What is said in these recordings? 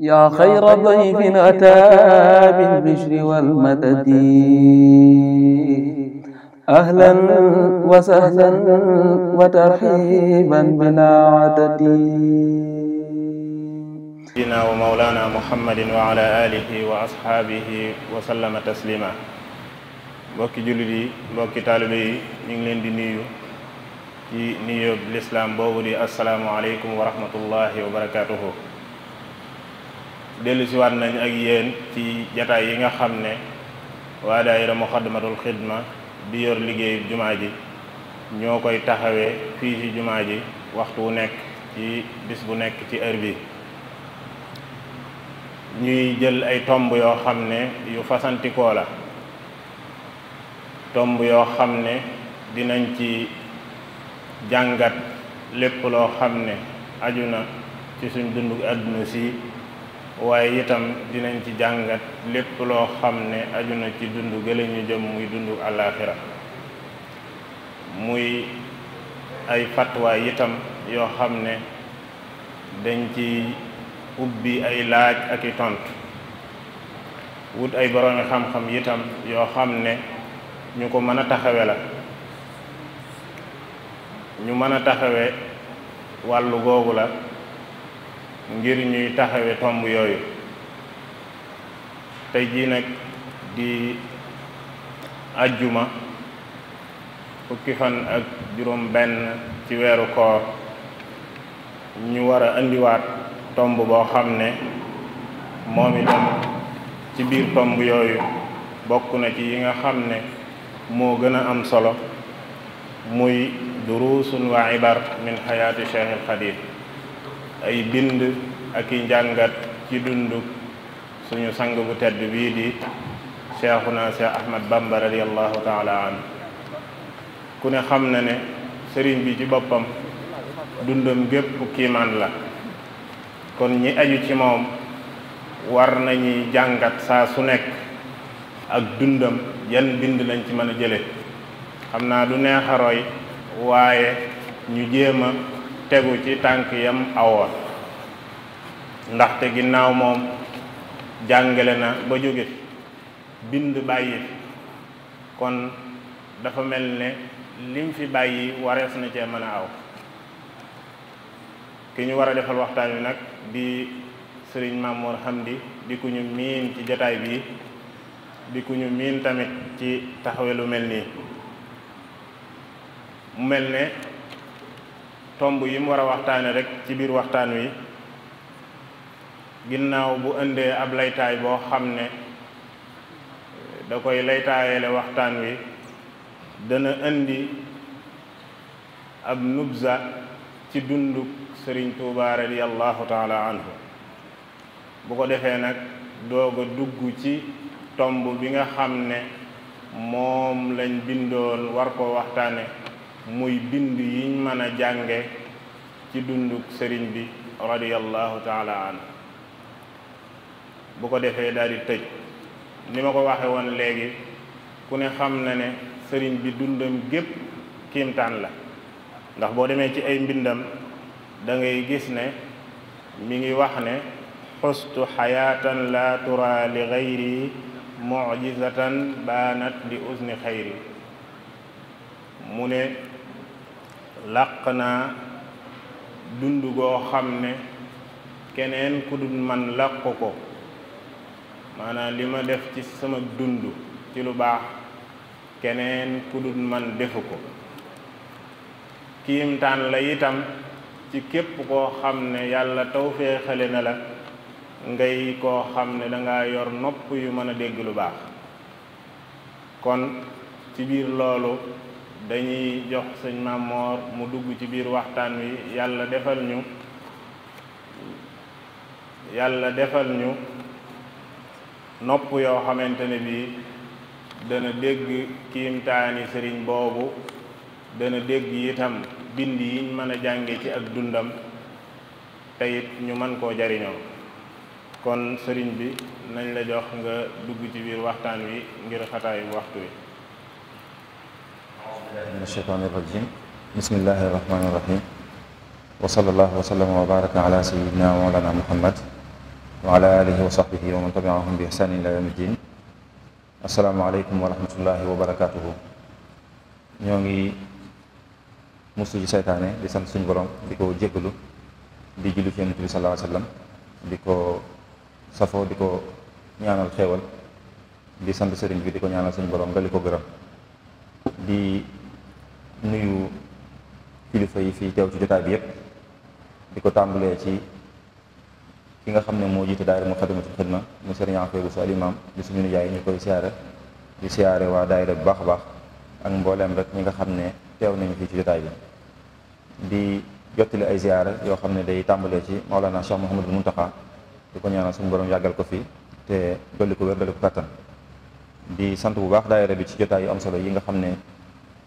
yaa xayra dayfin ataa bil bishri wal madadi ahlan wa sahlan wa tarhiiban bilaa adadi. sayyidinaa wa mawlaanaa Muhammadin wa alaa aalihi wa ashaabihi wa sallama tasliimaa. mbokki jullit yi mbokki taalibe yi ñu ngi leen di nuyu ci nuyoob lislaam boobu di asalaamu aleykum wa rahmatullaahi wa barakaatuhu. dellu waat nañ ak yéen ci jataay yi nga xam ne waa daayira muxaddamatul xidma bi yor liggéey jumaa ji ñoo koy taxawee fii ci jumaa ji waxtu wu nekk ci bis bu nekk ci heure bi ñuy jël ay tomb yoo xam ne yu fasantikoo la tomb yoo xam ne dinañ ci jàngat lépp loo xam ne aju na ci suñ dundu àdduna si waaye itam dinañ ci jàngat lépp loo xam ne aju na ci dund gële ñu jëm muy dund àllaaxira muy ay fatwaay itam yoo xam ne dañ ci ubbi ay laaj ak i tontu wut ay boroomi xam-xam itam yoo xam ne ñu ko mën a taxawe la ñu mën a taxawe wàllu googu la ngir ñuy taxawe tomb yooyu tey jii nag di ajjuma fukki fan ak juróom benn ci weeru koor ñu war a indiwaat tomb boo xam ne moom itam ci biir tomb yooyu bokk na ci yi nga xam ne moo gën a am solo muy duruusun wa ibar min xayaati Cheikh al ay bind ak i njàngat ci dund suñu sang bu tedd bii di cheikhuna cheikh ahmad bamba radiallahu taala an ku ne xam na ne sëriñ bi ci boppam dundam gépp kiimaan la kon ñi aju ci moom war nañuy jàngat saa su nekk ak dundam yenn bind lañ ci mën a jële xam naa du neex a waaye ñu jéem tegu ci tànk yam awoon ndaxte ginnaaw moom jàngale na ba jóge bind bàyyi kon dafa mel ne lim fi bàyyi warees na cee mën a aw ki ñu war a defal waxtaan wi nag di sëriñ Mamour Hamdi di ku ñu miin ci jataay bii di ku ñu miin tamit ci taxawe lu mel nii mel ne tomb yi mu war a waxtaane rek ci biir waxtaan wi ginnaaw bu indee ab laytaay boo xam ne da koy le waxtaan wi dana indi ab nubza ci dunduk sëriñ Tuuba radiyallahu taala anhu bu ko defee nag doog dugg ci tomb bi nga xam ne moom lañ bindoon war koo waxtaane muy bind yiñ mën a jànge ci dunduk sëriñ bi radiyallahu taala anhu bu ko defee daldi di tëj ni ma ko waxe woon léegi ku ne xam na ne sëriñ bi dundam gépp kiimtaan la ndax boo demee ci ay mbindam dangay gis ne mi ngi wax ne xustu xayaatan la tura li gayri mujizatan baanat li mu ne làq naa dund goo xam ne keneen ku dul man làq ko maanaam li ma def ci sama dund ci lu baax keneen ku dul man defu ko kiimtaan la itam ci képp koo xam ne yàlla taw tawféexale na la ngay koo xam ne danga yor nopp yu mën a dégg lu baax kon ci biir loolu dañuy jox sëñ Mamor mu dugg ci biir waxtaan wi yàlla defal ñu yàlla defal ñu nopp yoo xamante ne bii dana dégg kiimtaani sëriñ boobu dana dégg itam bind yiñ mën a jànge ci ak dundam te ñu mën koo jariñoo kon sëriñ bi nañ la jox nga dugg ci biir waxtaan wi ngir xataayu waxtu wi min asheytaani irrajim bismillahi irrahmani irrahim wa sallallahu wa sallama wa baraka ala sayidina wa mawlana muhammad wa ala alihi wa sahbihi wa man tabiahum bi ihsani ila yawmi din asalaamaaleykum wa rahmatullahi wa barakatuhu ñoo ngi mustu ci seytaane di sant suñu borom di ko jéggalu di jullu ci yonent bi sallallahu alayhi wa sallam di ko safoo di ko ñaanal xéewal di sant sëriñ bi di ko ñaanal suñu borom nga li ko gërëm di nuyu kilifa yi fii teew ci jotaay bi yépp di ko tàmbalee ci ki nga xam ne moo jiite daayira Muxaddamatul Xidma mu sëriñ Afee bu al imaam di suñu nijaay yi ñu koy siyaare di siyaare waa daayira bu baax a baax ak mbooleem rek ñi nga xam ne teew nañu fii ci jotaay bi di jottali ay ziyaara yoo xam ne day tàmbalee ci Mawlana Cheikh Mouhamadul Muntaxa di ko ñaanal suñu borom yàggal ko fii te dolli ko wér dolli ko kattan di sant bu baax daayira bi ci jotaay yu am solo yi nga xam ne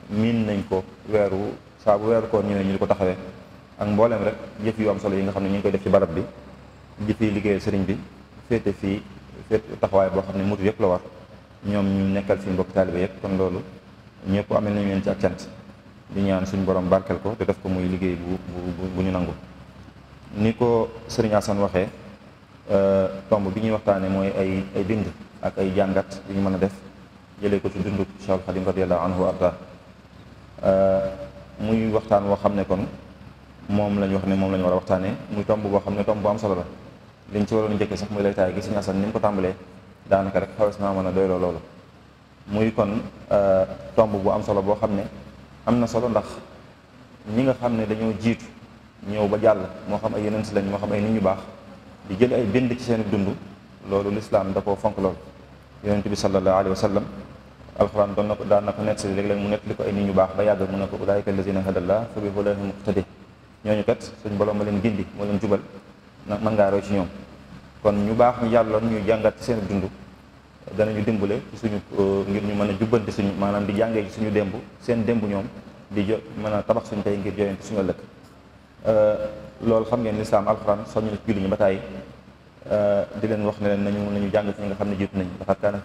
miin nañ ko weeru saa bu weeru koor ñëwee ñu di ko taxawee ak mbooleem rek jëf yu am solo yi nga xam ne ñu ngi koy def ci barab bi di fi liggéeyal sëriñ bi féete fii féete taxawaay boo xam ne mutu yëpp la war ñoom ñu nekkal fi mbokk taalibe yëpp kon loolu ñëpp amel nañu leen ci ak cant di ñaan suñ borom barkeel ko te def ko muy liggéey bu bu bu ñu nangu ni ko sëriñ Assane waxee euh, tomb bi ñuy waxtaanee mooy ay ay bind ak ay jàngat yu ñu mën a def jëlee ko ci dunduk Cheikh Xadim radiyallahu anhu arda euh, muy waxtaan woo xam ne kon moom lañ wax ne moom lañu war a waxtaanee muy tomb boo xam ne tomb bu am solo la liñ ci waroon njëkkee sax muy lay taay gi Sëriñ Asan ni ko tàmbalee daanaka rek xawes naa mën a doyloo loolu muy kon euh, tomb bu am solo boo xam ne am na solo ndax ñi nga xam ne dañoo jiitu ñëw ba jàll moo xam ay yeneen si lañ moo xam ay nit ñu baax di jël ay bind ci seen dund loolu lislaam da koo fonk loolu yonent bi sallallahu alayhi wa sallam alxuraan doon na ko daan na ko nettali léeg-léeg mu nettali ko ay nit ñu baax ba yàgg mu ne ko ulaayika allazina hadallah fa bi hudaahum iqtadi ñooñu kat suñ borom ma leen gindi moo leen jubal nag mën ngaa roy ci ñoom kon ñu baax ñu yàlloon ñuy jàngat ci seen dund danañu dimbale suñu uh, ngir ñu mën a jubbanti suñu maanaam di jàngee ci suñu démb seen démb ñoom di jo mën a tabax suñu tey ngir joyante suñu ëllëg uh, loolu xam ngeen lislaam alxuraan soññu julli ñi ba tàyyi Euh, di leen wax ne leen nañu nañu jàng ci ñi nga xam ne jiitu nañ laqad kaana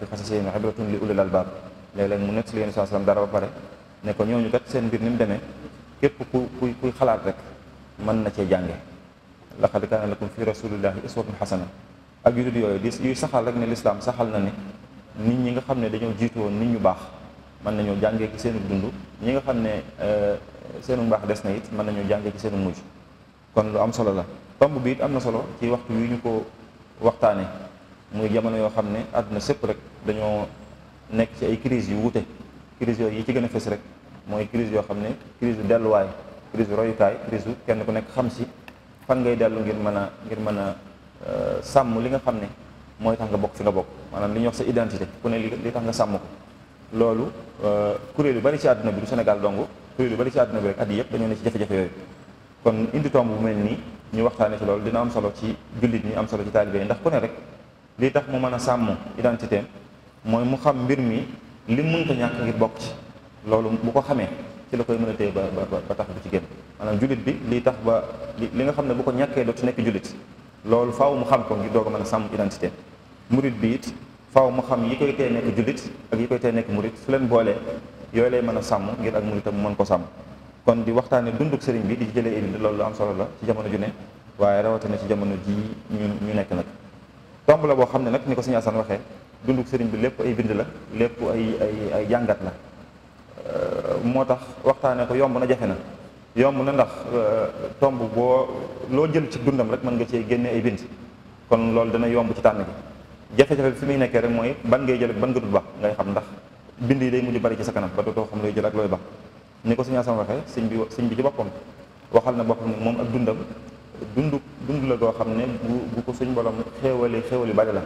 ko ñooñu kuy xalaat rek mën na cee jànge laqad kaana lakum fi rasulillahi uswatun xasana ak yu dul yooyu di yuy saxal rek ne lislaam saxal na ne nit ñi nga xam ne dañoo jiitu nit ñu baax mën nañoo jàngee ci seenu dund ñi nga xam ne euh, seenu mbaax des na it mën nañoo jàngee ki seenu mujj kon lu am solo la tomb bi it am na solo ci waxtu yu ñu ko waxtaane muy jamono yoo xam ne àdduna sëpp rek dañoo nekk ci ay crise yu wute crise yooyu yi ci gën a fes rek mooy crise yoo xam ne crise delluwaay crise royukaay crise kenn ku nekk xam si fan ngay dellu ngir mën a ngir mën a euh, sàmm li nga xam ne mooy tax nga bokk fi nga bokk maanaam li ñuy wax sa identité ku ne li tax nga sàmm ko loolu euh, kuréel yu bari ci àdduna bi du Sénégal dong kuréel yu bari ci àdduna bi rek at yi yëpp dañoo ne ci jafe-jafe yooyu ñu waxtaanee ci loolu dina am solo ci jullit ñi am solo ci taalibe yi ndax ku ne rek lii tax mu mën a sàmm identité mooy mu xam mbir mi li mënta ñàkk ngir bokk ci loolu bu ko xamee ci la koy mën a téye ba ba tax du ci génn maanaam jullit bi lii tax ba li nga xam ne bu ko ñàkkee dootu nekk jullit loolu faw mu xam ko ngir doog a mën a sàmm identité murit bi it faw mu xam yi koy tee nekk jullit ak yi koy tee nekk murit su leen boolee yooyu lay mën a sàmm ngir ak muritam mu mën ko sàmm kon di waxtaanee dunduk sëriñ bi di jëlee ibi loolu am solo la ci jamono ju ne waaye rawatina ci jamono ji ñu ñu nekk nag tomb la boo xam ne nag ni ko si sëriñ Assane waxee dunduk sëriñ bi lépp ay bind la lépp ay ay ay jàngat la euh, moo tax waxtaanee ko yomb na jafe na yomb na ndax euh, tomb boo loo jël ci dundam rek mën nga cee génne ay bind kon loolu dana yomb ci tànn bi jafe-jafe bi fi muy nekkee rek mooy ban ngay jël ak ban nga dul baax ngay xam ndax bind yi day mujj bari ci sa kanam ba dootoo xam looy jël ak looy baax ni ko suñu asam waxee sëñ bi sëñ bi ci boppam waxal na boppam ne moom ak dundam dund dund la goo xam ne bu bu ko suñ borom xéewali xéewali bari la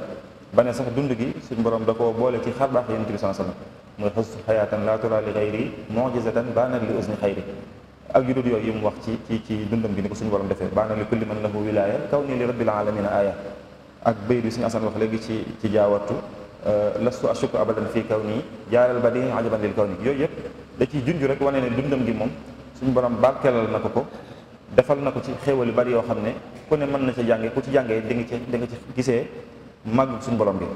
ba ne sax dund gi suñ borom da koo boole ci xar baax yonent bi sallallahu alayhi wasallam muy xus xayaatan laa tura li xayri mu'jizatan baanat li usni xayri ak yu dul yooyu yi mu wax ci ci ci dundam gi ni ko suñu borom defee baana li kulli man lahu wilaaya kaw nii li rabbil alamina aaya ak bay bi suñu asan wax léegi ci ci jaawatu Euh, lastu asukku abadan fii kaw nii jaaral ba di ajaban lil kaw nii yooyu yëpp da ciy junj rek wane ne dundam gi moom suñu borom barkeelal na ko ko defal na ko ci xéewal yu bari yoo xam ne ku ne mën na ci jàngee ku ci jàngee di nga ci di nga ci gisee màgg suñu borom bi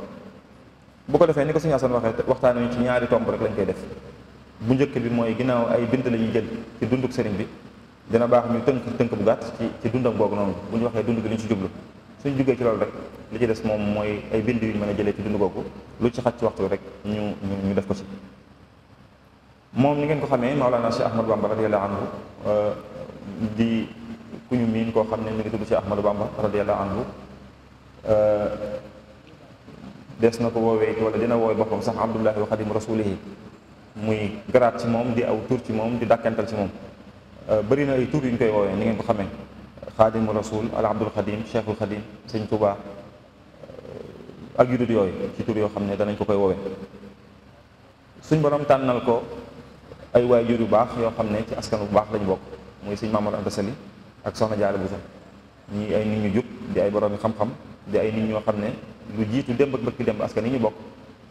bu ko defee ni ko suñu asan waxee waxtaan wi ci ñaari tomb rek lañ koy def bu njëkk bi mooy ginnaaw ay bind la ñuy jël ci dunduk sëriñ bi dina baax ñu tënk tënk bu gàtt ci ci dundam boobu noonu bu ñu waxee dund gi li ñu ci jublu suñ jógee ci loolu rek li ci des moom mooy ay bind yu ñu mën a jëlee ci dund googu lu ci xaj ci waxtu rek ñu ñu def ko ci moom ni ngeen ko xamee Maolana Cheikh Ahmadou Bamba radiyallahu anhu euh, di ku ñu miin koo xam ne mi ngi tudd Cheikh Ahmadou Bamba radiyallahu anhu euh, des na ko woowee wala dina woowee boppam sax Abdullahi wa Xadimu Rasulihi muy garaat ci moom di aw tur ci moom di dàkkantal ci moom euh, bëri na ay tur yu ñu koy woowee ni ngeen ko xamee xaadimu rasul al abdul xadim cheikhul xadim sëñ Tuubaa eh, ak yu dut yooyu ci tur yoo xam ne danañ ko koy woowee suñ borom tànnal ko ay waajur yu baax yoo xam ne ci askan bu baax lañu bokk muy suñ Mamadou Anta Sali ak soxna Jaara Buso ñii ay nit ñu jub di ay borom xam-xam di ay nit ñoo xam ne lu jiitu démb ak bëkki démb askan yi ñu bokk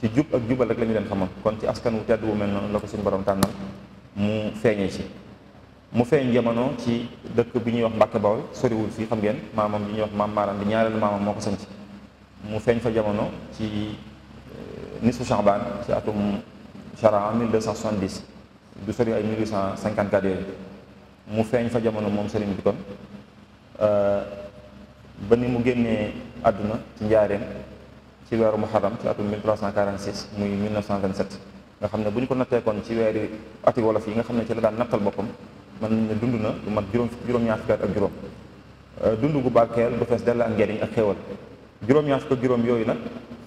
ci jub ak jubal rek lañu leen xamoon kon ci askan wu tedd wu mel noonu la ko suñ borom tànnal mu feeñee si mu feeñ jamono ci dëkk bi ñuy wax Mbàkke Bawol soriwul fii xam ngeen maamam bi ñuy wax maam maaram di ñaareelu maamam moo ko sanc mu feeñ fa jamono ci euh, nisfu Sha'ban ci atum charaa 1270 du sori ay 1854 yooyu mu feeñ fa jamono moom sëriñ bi kon euh, ba ni mu génnee àdduna ci njaareem ci weeru muharram ci atum 1346 muy 1927 nga xam ne bu ñu ko nattee kon ci weeri ati wolof yi nga xam ne ci la daan nattal boppam man nañ dund na lu mat juróom juróom-ñaar fukki at ak juróom euh, dund gu barkeel bu fees dell ak njëriñ ak xéewal juróom yooyu nag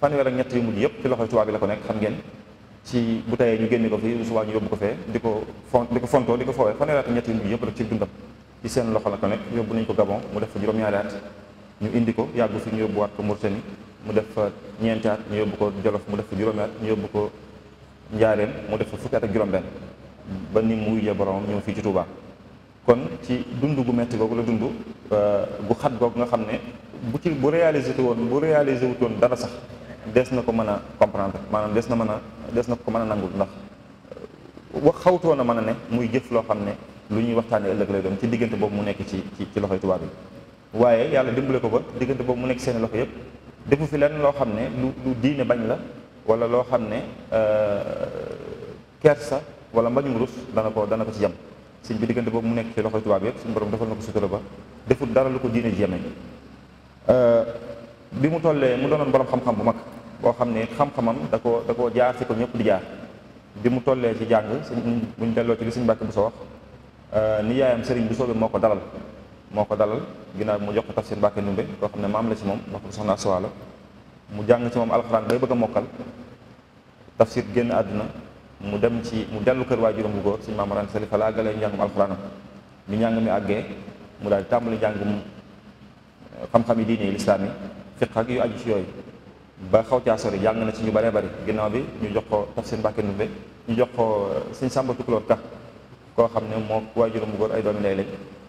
fanweer ak ñett yu yëpp ci loxoy tubaab bi la ko nekk xam ngeen ci bu tayee ñu génne ko fii bu subaa ñu yóbbu ko fee di ko fon di ko fontoo ko foowee fanweer ak ñett yu mujj yëpp rek ci seen loxo la ko nekk yóbbu nañ ko Gabon mu def fa juróom-ñaari ñu indi ko yàggu fi ñu yóbbuwaat ko Mauritanie mu def fa ñeenti at ñu yóbbu ko Jolof mu def fa juróomi at ñu yóbbu ko Njaareem mu def fa fukki at ak juróom-benn ba ni mu wujjee boromam ñëw fii ci Touba kon ci dund gu metti googu la dund euh, gu xat googu nga xam ne bu ci bu réalisé woon bu réalisé wutoon dara sax des na ko mën a comprendre maanaam des na mën a des na ko mën a nangul ndax euh, wax xawtoo na mën a ne muy jëf loo xam ne lu ñuy waxtaanee ëllëg lay doon ci diggante boobu mu nekk ci ci ci loxoy tubaab yi waaye yàlla dimbale ko ba diggante boobu mu nekk seen loxo yëpp defu fi lenn loo xam ne lu lu diine bañ la wala loo xam ne euh, kersa wala mbañum rus dana ko dana ko ci jam suñ bi diggante boobu mu nekk ci loxoy tubaab yëpp suñu borom defal na ko sutura ba deful dara lu ko diine ji euh, bi mu tollee mu doonoon borom xam-xam bu mag boo xam ne xam-xamam da ko da jaar si ko ñëpp di jaar bi mu tollee ci jàng bu ñu delloo ci li suñ mbàkk bu sa wax euh, ni yaayam sëriñ bi bu soobee moo ko dalal moo ko dalal ginnaaw mu jox ko taf seen mbàkke numbe koo xam ne maam la si moom moo ko soxna Asuwaala mu jàng ci moom alxuraan bay bëgg a génn àdduna mu dem ci mu dellu kër waajuram bu góor suñu maam Mor Anta Sali fa laa galee njàngum alxuraanam bi njàng mi àggee mu daal di tàmbali njàngum eh, xam-xam yi diine yi lislaam yi fiq ak yu aju ci yooyu ba xaw caa sori jàng na ci ñu bëree bëri ginnaaw bi ñu jox ko tafsir Mbàkke Ndumbe ñu jox ko eh, suñ Sàmba Tukulóor Ka koo xam ne moo waajuram bu góor ay doomi ndey lañ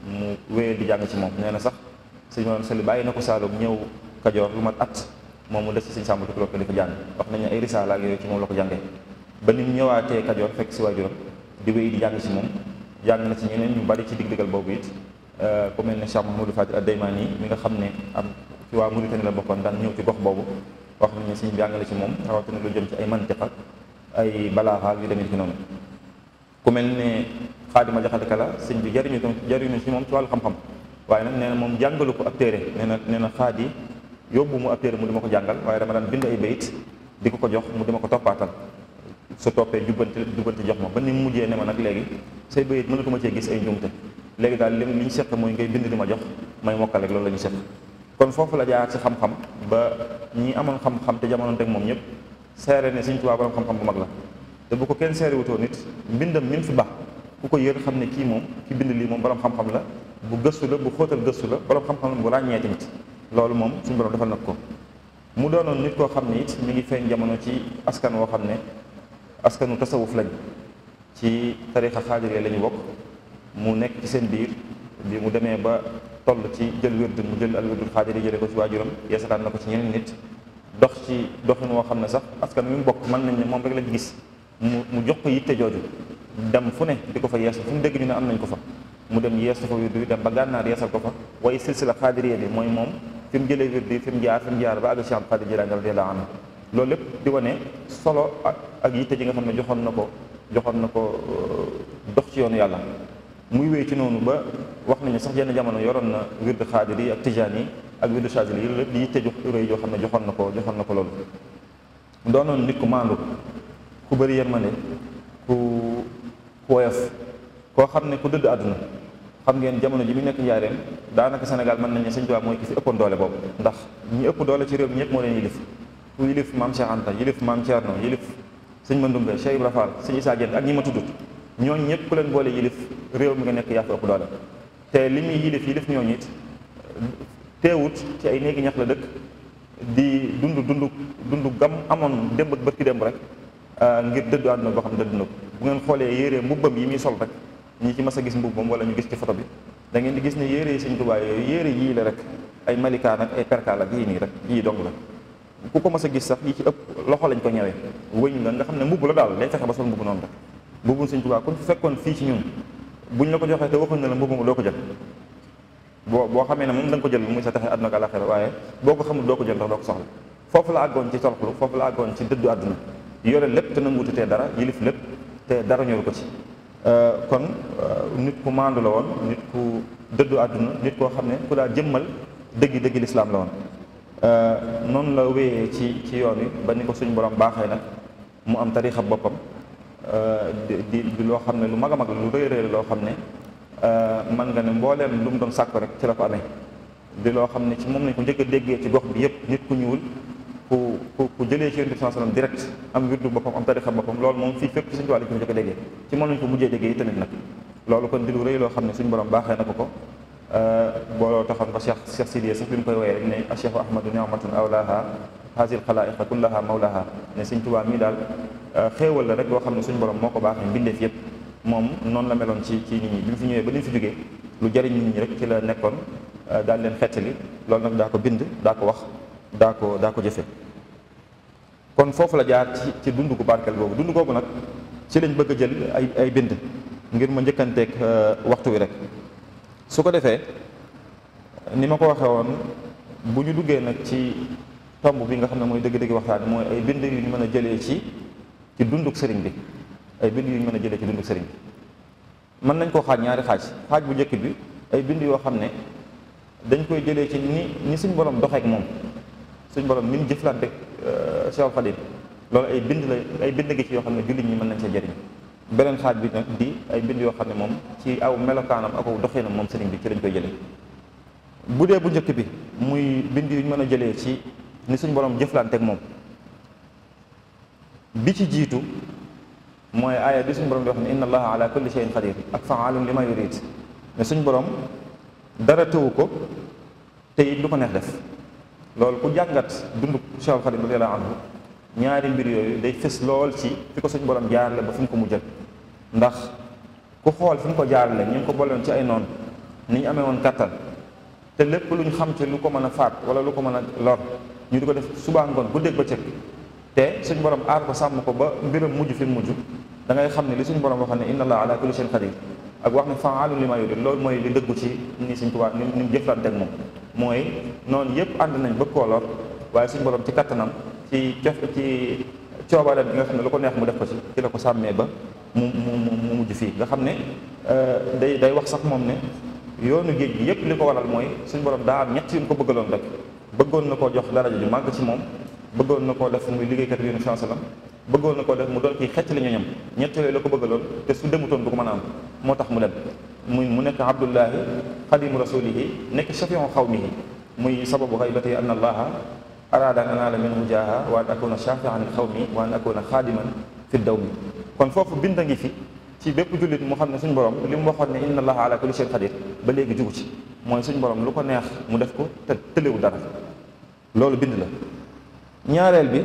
mu wéyal di jàng ci moom nee na sax suñu maam Sali bàyyi na ko Saalum ñëw Kajoor lu mat at moom mu des ci suñ Sàmba Tukulóor Ka di fa jàng nañ ay risaala ak yooyu la ko jàngee ba ni mu ñëwaatee Kajoor fekk si waajuram di wéy di jàng si moom jàng na si ñeneen ñu bari ci digg-diggal boobu it euh, ku mel ne Cheikh Mamadou Fadil Ad-Daymaani mi nga xam ne am ci waa Mauritanie la bokkoon daan ñëw ci gox boobu wax nañu ne suñu jàng la ci moom rawatina lu jëm ci ay mantiq ak ay balaaxa yu demee ci noonu ku mel ne Xaadima Jaxate Kala sëñ bi jariñu tam jariñu si moom ci wàll xam-xam waaye nag ne na moom jàngalu ko ab téere nee na nee na xaadi yóbbu mu ab téere mu dama ko jàngal waaye dama daan bind ay bayit di ko ko jox mu dama ko toppaatal su toppee jubbante jubbante jox ma ba ni mujjee ne ma nag léegi say bayit ma cee gis ay njuumte léegi daal li li ñu seq mooy ngay bind di ma jox may mokkal rek loolu la ñu seq kon foofu la jaar ci xam-xam ba ñi amoon xam-xam te jamono teg moom ñëpp seere ne suñ Tuubaa borom xam-xam bu mag la te bu ko kenn seere wutoo nit mbindam mi mu fi baax ku ko yër xam ne kii moom ki bind lii moom borom xam-xam la bu gëstu la bu xóotal gëstu la borom xam-xam bu ràññee tamit loolu moom suñu borom nag ko mu doonoon nit koo xam ne it ngi feeñ jamono ci askan woo xam ne askanu tasawuf lañ ci tarixa xaadiriyya la ñu bokk mu nekk ci seen biir bi mu demee ba toll ci jël wérdu mu jël al wérdul xaadiriyya jële ko ci waajuram yeesataan na ko ci ñeneen nit dox ci doxin woo xam ne sax askan wi mu bokk mën nañ ne moom rek lañ gis mu mu jox ko yitte jooju dem fu ne di ko fa yeesal fu mu dégg ñu ne am nañ ko fa mu dem yeesu fa wirdu bi dem ba gànnaar yeesal ko fa waaye silsila xaadiriyya bi mooy moom fi mu jëlee wirdu yi fi mu jaar fi ba àgg Cheikh Abdul Xaadir Jilaani loolu lépp di wane solo ak ak yitte ji nga xam ne joxoon na ko joxoon na ko euh, dox ci yoonu yàlla muy wéy ci noonu ba wax nañu sax yenn jamono yoroon na wirdu xaadir yi ak tijaan yi ak wirdu chaadil yi loolu lépp di yitte joo xam ne joxoon na ko joxoon na ko loolu doonoon nit ku maandu ku bëri yërmande ku ku woyof koo xam ne ku dëdd àdduna xam ngeen jamono ji mu nekk njaareem daanaka Sénégal mën nañu ne Sëñ Tuubaa mooy ki ëppoon doole boobu ndax ñi ëpp doole ci réew mi ñëpp moo leen yilif ku yilif maam Cheikh Anta yilif maam Thierno yilif sëñ Mandoumbe Cheikh Ibra Fall sëñ Issa Diène ak ñi ma tuddut ñooñu ñëpp ku leen boole yilif réew mi nga nekk yaa fa ëpp doole te li muy yilif yilif ñooñu it teewut ci ay néegi ñax la dëkk di dund dund dund gam amoon démb ak bërki démb rek euh, ngir dëddu àdduna boo xam dëdd na ko bu ngeen xoolee yére mbubbam yi muy sol rek ñi ci mas a gis mbubbam wala ñu gis ci photo bi da ngeen di gis ne yére yi sëñ Tuubaa yooyu yére yii la rek ay malikaan ay perkaal ak yii rek yii dong la ku ko mës a gis sax yi ci ëpp loxo lañ ko ñëwee wëñ la nga xam ne mbubb la daal day fexe ba sol mbubb noonu rek mbubbum sëñ Tuubaa kon fekkoon fii ci ñun buñ la ko joxee te waxuñ na la mbubb doo ko jël boo boo xamee ne moom da ko jël muy sa taxe àdduna ak waaye boo ko xamul doo ko jël ndax doo ko soxla foofu la àggoon ci toroxlu foofu la àggoon ci dëddu àdduna yore lépp te nanguutu tee dara yilif lépp te dara ñoru ko ci euh, kon euh, nit ku maandu la woon nit ku dëddu àdduna koo xam ne ku daa jëmmal dëggi dëggi lislaam la woon Euh, noonu la wéyee ci ci yoon wi ba ni ko suñu borom baaxee nag mu am tariixa boppam euh, di di loo xam ne lu mag a mag lu rëy rëy loo xam ne euh, mën nga ne mbooleem lu mu doon sàkk rek ci la ko amee di loo xam ne ci moom lañ ko njëkk a ci gox bi yëpp nit ku ku ku ku jëlee ci am wirdu boppam am tariixa boppam loolu moom fii fépp suñu wàll lañ ko njëkk a ko mujjee déggee yi tamit nag loolu kon di lu rëy loo xam ne suñ borom baaxee na ko ko Euh, booloo taxoon ba Cheikh Cheikh Sidiya sax bi mu koy woyee rek ne Cheikhu Ahmadu ni'matun awlaha hasil xalaa'iqa kullaha mawlaha ne suñ Tuubaa mii daal euh, xéewal la rek loo xam ne suñ borom moo ko baaxee mbindeef yëpp moom noonu la meloon ci ci nit ñi bi mu fi ñëwee ba li mu fi jógee lu jëriñ nit ñi rek ci la nekkoon euh, daal leen xettali loolu nag daa ko bind daa ko wax daa ko daa ko jëfe kon foofu la jaar ci ci dund gu barkeel boobu dund googu nag ci lañ bëgg a jël ay ay bind ngir ma njëkkanteeg waxtu wi rek su ko defee ni ma ko waxee woon bu ñu duggee nag ci tomb bi nga xam ne mooy dëgg-dëgg waxtaan bi mooy ay bind yu ñu mën a jëlee ci ci dunduk sëriñ bi ay bind yu ñu mën a jëlee ci dunduk sëriñ mën nañ koo xaaj ñaari xaaj xaaj bu njëkk bi ay bind yoo xam ne dañ koy jëlee ci ni ni suñ borom doxeek moom suñ borom ni mu jëflante euh, Cheikh Khadim loolu ay bind la ay bind gi ci yoo xam ne jullit ñi mën nañ see jëriñ beneen xaaj bi nag di ay mbind yoo xam ne moom ci aw melokaanam ak doxinam moom sëriñ bi ci lañ koy jëlee bu dee bu njëkk bi muy bind yu ñu mën a jëlee ci ni suñ borom jëflante ak moom bi ci jiitu mooy aaya bi suñ borom di ne inna allaha ala kulli shay'in qadir ak faalun li ma yurid ne suñ borom dara tëwu ko te it du ko neex def loolu ku jàngat dund Cheikh Xadim radiyallahu anhu ñaari mbir yooyu day fës lool ci fi ko suñ borom jaarale ba fi mu ko mujjal ndax ku xool fi mu ko jaarale ñu ngi ko boloon ci ay noon ni ñu amee woon kattan te lépp luñ xam ci lu ko mën a faat wala lu ko mën a lor ñu di ko def subaa ngoon guddeeg bëccëg te suñ borom aar ko sàmm ko ba mbiram mujj fi mujj da ngay xam ne li suñ borom waxoon ne inna allah ala kulli shay'in qadir ak wax ne fa'aalu lima yurid loolu mooy li dëggu ci ni suñ tubaab ni mu jëflante ak moom mooy noonu yëpp ànd nañ bëgg koo lor waaye suñ borom ci kattanam ci cof ci coobaale bi nga xam ne lu ko neex mu def ko ci ci la ko sàmmee ba mu mu mu mujj fii nga xam ne euh, day day wax sax moom ne yoonu géej gi yépp li ko walal mooy suñ borom daa am ñett yu mu ko bëggaloon rek bëggoon na koo jox daraja ju màgg ci moom bëggoon na koo def muy liggéeykat yoonu chancelam bëggoon na koo def mu doon kii xecc li ñu ñam ñett yooyu la ko bëggaloon te su demutoon du ko mën a am moo tax mu dem muy mu nekk abdullahi xadimu rasulihi nekk xaw xawmihi muy sababu xaybati anna allaha araada an anaala minhu jaaha wa an akuna shafian il xawmi wa an akuna xaadiman fi dawmi kon foofu bind a ngi fi ci bépp jullit mu xam ne suñ borom li mu waxoon ne inna allaha ala seen shay'in ba léegi jugu ci mooy suñ borom lu ko neex mu def ko te tëlewu dara loolu bind la ñaareel bi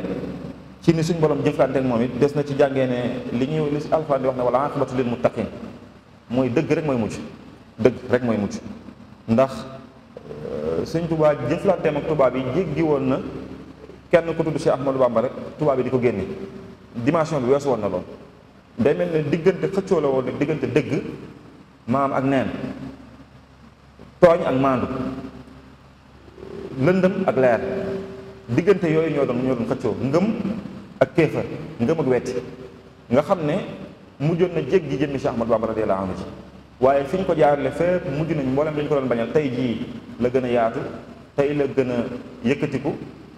ci ni suñ borom jëflante moom it des na ci jàngee ne li ñuy li alxuraan di wax ne wala aqibatu lil muttaqin mooy dëgg rek mooy mujj dëgg rek mooy mujj ndax sëñ Touba jëflanteem ak tubaab yi gi woon na kenn ku tudd Cheikh Ahmadou Bamba rek tubaab yi di ko génne dimension bi weesu woon na lool day mel ne diggante xëccoo la woon diggante dëgg maam ak neen tooñ ak maandu lëndëm ak leer diggante yooyu ñoo doon ñoo doon xëccoo ngëm ak kéefar ngëm ak wetti nga xam ne mu mujjoon na jéggi jëmmi Cheikh Ahmadou Bamba radiyallahu anhu ci waaye fi ñu ko jaarale fépp mujj nañ mboolem li ñu ko doon bañal tey jii la gën a yaatu tey la gën a yëkkatiku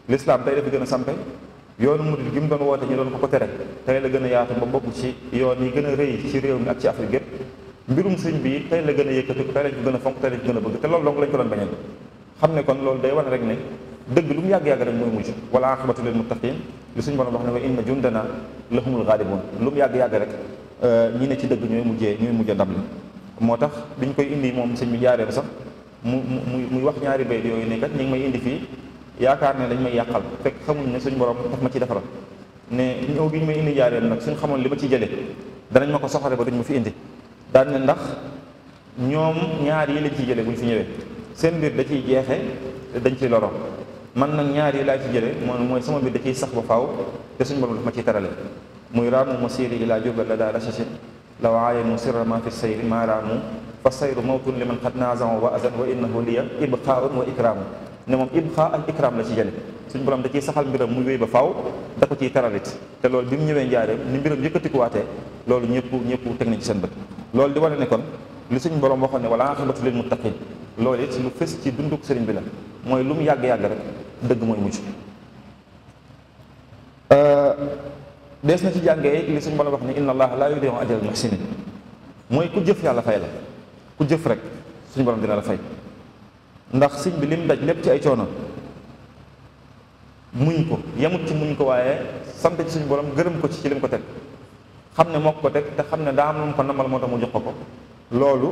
lislaam tey dafa gën a sampe yoonu murid gi mu doon woote ñu doon ko ko tere tey la gën a yaatu ba bokk ci yoon yi gën a rëy ci réew mi ak ci Afrique gépp mbirum suñ bi tey la gën a yëkkatiku tey lañ ko gën a fonk tey lañ ko gën a bëgg te loolu lañ ko doon bañal xam ne kon loolu day wane rek ne dëgg lu mu yàgg-yàgg rek mooy mujj wala aqibatu lil muttaqin li suñ borom wax ne wa inna jundana lahumul ghalibun lu mu yàgg-yàgg rek euh, ñi ne ci dëgg ñooy mujjee ñooy mujjee ndam la moo tax biñ koy indi moom sëñ bi jaareem sax mu mu muy wax ñaari bayt yooyu ne kat ñu ngi may indi fii yaakaar ne dañ may yàqal fekk xamuñ ne suñ borom daf ma ci defara ne ñëw gi ñu may indi jaareem nag suñ xamoon li ma ci jëlee danañ ma ko soxale ba duñ ma fi indi daan ne ndax ñoom ñaar yi lañ ciy jëlee buñ fi ñëwee seen biir da ciy jeexe dañ ciy loro man nag ñaari yi ci jëlee moom mooy sama mbir da sax ba faw te suñ borom daf ma ciy terale muy raamu masiri ilaa jubal la daal law aayanu sirra ma fi sayri maaraamu fa sayru mawtun liman xat naazan wa azan wa innahu liya ibxaaun wa ikraamu ne moom ibxaa ikraam la ci jële suñ borom da ciy saxal mbiram muy wéy ba faaw da ko ciy teralit te loolu bi mu ñëwee njaareem ni mbiram yëkkatikuwaatee loolu ñëpp ñëpp teg nañ ci seen bët loolu di wane ne kon li suñ borom waxoon ne wala aqibatu lil muttaqin loolu it lu fës ci dunduk sëriñ bi la mooy lu mu yàgg-yàgg rek dëgg mooy mujj euh, des na ci jàngee li suñ borom wax ni inna allaha laa yudii'u ajral muhsinin mooy ku jëf yàlla fay la ku jëf rek suñ borom dina la fay ndax sëñ bi lim daj lépp ci ay coono muñ ko yamut ci muñ ko waaye sant ci suñu borom gërëm ko ci ci lim ko teg xam ne moo ko teg te xam ne daa am lu mu ko namal moo tax mu jox ko ko loolu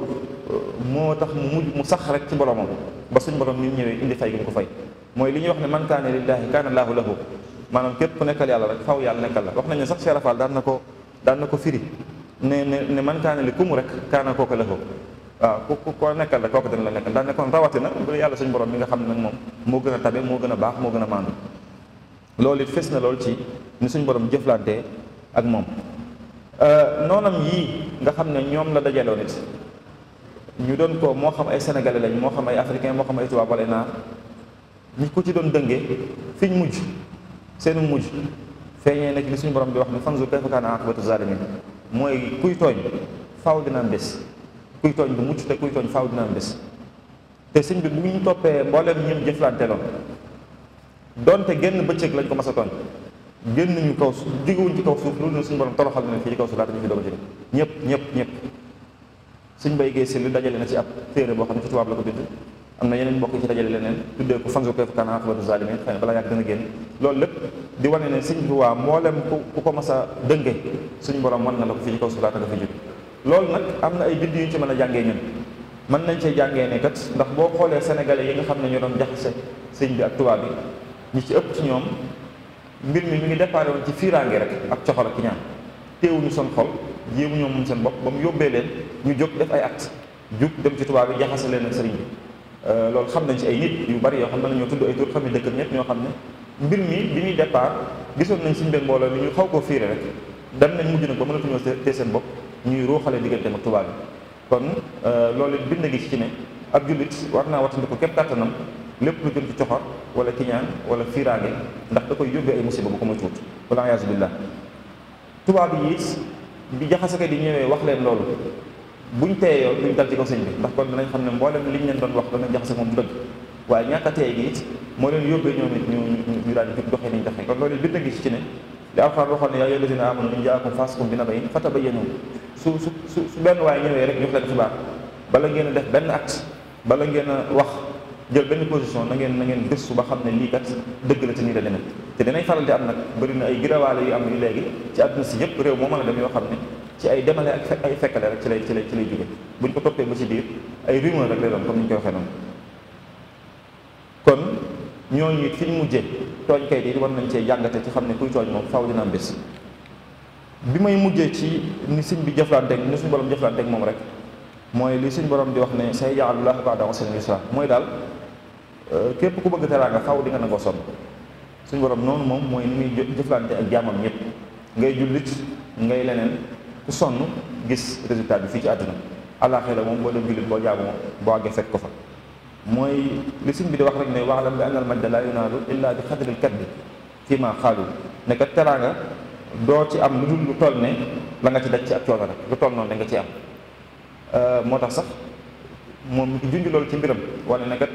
euh, moo tax mu mujj mu sax rek ci boromam ba suñu borom mi ñëwee indi fay gi mu ko fay mooy li ñuy wax ne man kaana lillaahi kaana laahu lahu maanaam képp ku nekkal yàlla rek faw yàlla nekkal la wax nañ ne sax Cheikh daan na ko daan na ko firi ne ne man kaana li kumu rek kaana kooka lëfoo waaw ku ko nekkal rek kooku dana la nekkal daan ne kon rawatina bu yàlla suñu borom mi nga xam ne nag moom moo gën a moo gën a baax moo a maandu loolu it fes na loolu ci ni suñu borom jëflantee ak moom euh, noonam yii nga xam ne ñoom la dajaloon it ñu doon ko moo xam ay sénégalais lañ moo xam ay africain moo xam ay tubaab wala naar ñi ku ci doon dëngee fiñ mujj seeni mujj feeñee na ci li suñu borom di wax ne fanzur kayfa kaana aqibatu zalimin mooy kuy tooñ faw dinaa am bés kuy tooñ du mucc te kuy tooñ faw dina am te sëñ bi bu ñu toppee mbooleem ñim jëflanteeloon donte genn bëccëg lañ ko mas a tooñ génn ñu kaw suuf jógewuñ ci kaw suuf loolu na suñu borom toroxal ne fii ci kaw suuf laata ñu fi doog a jóge ñëpp ñëpp ñëpp suñ bay géey si li dajale na ci ab téere boo xam ne ci tubaab la ko bind am na yeneen bokk ci dajale leneen tuddee ko fanzu kayfa kaana aqibatu zalimin xëy na balaa yàgg dana génn loolu lépp di wane ne Sëriñ Tuubaa mboolem ku ku ko mas a dënge suñu borom wan na la ko fii ci kaw suuf laata nga fi jóg loolu nag am na ay bind yu ñu ci man a jàngee ñun mën nañ cee jàngee ne kat ndax boo xoolee sénégalais yi nga xam ne ñu doon jaxase sëñ bi ak tubaab bi ñi ci ëpp ci ñoom mbir mi mu ngi déparé woon ci fiiraange rek ak coxor ak ñaan teewuñu seen xol jéemu ñoom moom seen bopp ba mu yóbbee leen ñu jóg def ay acte jóg dem ci tubaab bi jaxase leen ak sëriñ bi Euh, loolu xam nañ ci ay nit yu bari yoo xam ne dañoo tudd ay tur famille dëkk ñëpp ñoo xam ne mbir mi bi ñuy départ gisoon nañ suñ benn mbooloo li ñu xaw koo fiire rek dem nañ mujj nag ba mënatuñoo tee seen bopp ñuy ruuxale diggante ak tubaab bi kon euh, loolu it na gis ci ne ak jullit war naa wattandiku képp kàttanam lépp lu jëm ci coxor wala kiñaan wala fiiraange ndax da koy yóbbee ay musiba bu ko moy tuut wala ayaasu billah tubaab yi it bi jaxase ko di ñëwee wax leen loolu buñ teeyoo duñ dal ci ko sëñ bi ndax kon danañ xam ne mboolem liñ leen doon wax dana jaxase moom du dëgg waaye ñàkk a teey gi it moo leen yóbbee ñoom it ñu ñu daal di doxee niñ doxee kon loolu bind gi ci ne li alxuraan waxoon ne yaa ayyuhal lazina aamanu in jaakum faasiqun bi nabain fatabayyanu su a def benn acte bala ngeen a wax jël benn position na ngeen na ngeen gëstu ba xam ne lii kat dëgg la te nii la demee te dinañ faral di am nag bëri na ay girawaale yu am yu léegi ci àdduna si yëpp réew moo mën a dem yoo xam ne ci ay demale ak ay fekkale rek ci lay ci lay ci lay jóge buñ ko toppee ba ci biir ay rumeur rek lay doon comme ni ñu koy waxee noonu war nañ cee jàngate ci xam ne kuy tooñ moom faaw dina am bés may mujjee ci ni sëñ bi jëflanteeg ni suñ borom jëflanteeg moom rek mooy li suñ borom di wax ne say jaxal laa bada seen mooy daal euh, képp ku bëgg teraanga faaw di nga nangoo sonn suñ borom noonu moom mooy ni muy jëflante ak jaamam ñëpp ngay jullit ngay leneen ku sonn gis résultat bi fii ci àdduna la moom boo doon jullit boo jaabu moom boo àggee fekk ko fa mooy li suñ bi di wax rek ne wax la bi anna al majda laa yunaalu illaa bi xadril kat bi fii maa xaalu doo ci am lu dul lu toll ne la nga ci daj ci ak coono rek lu toll noonu da nga ci am euh, moo tax sax moom mi junj loolu ci mbiram wane ne kat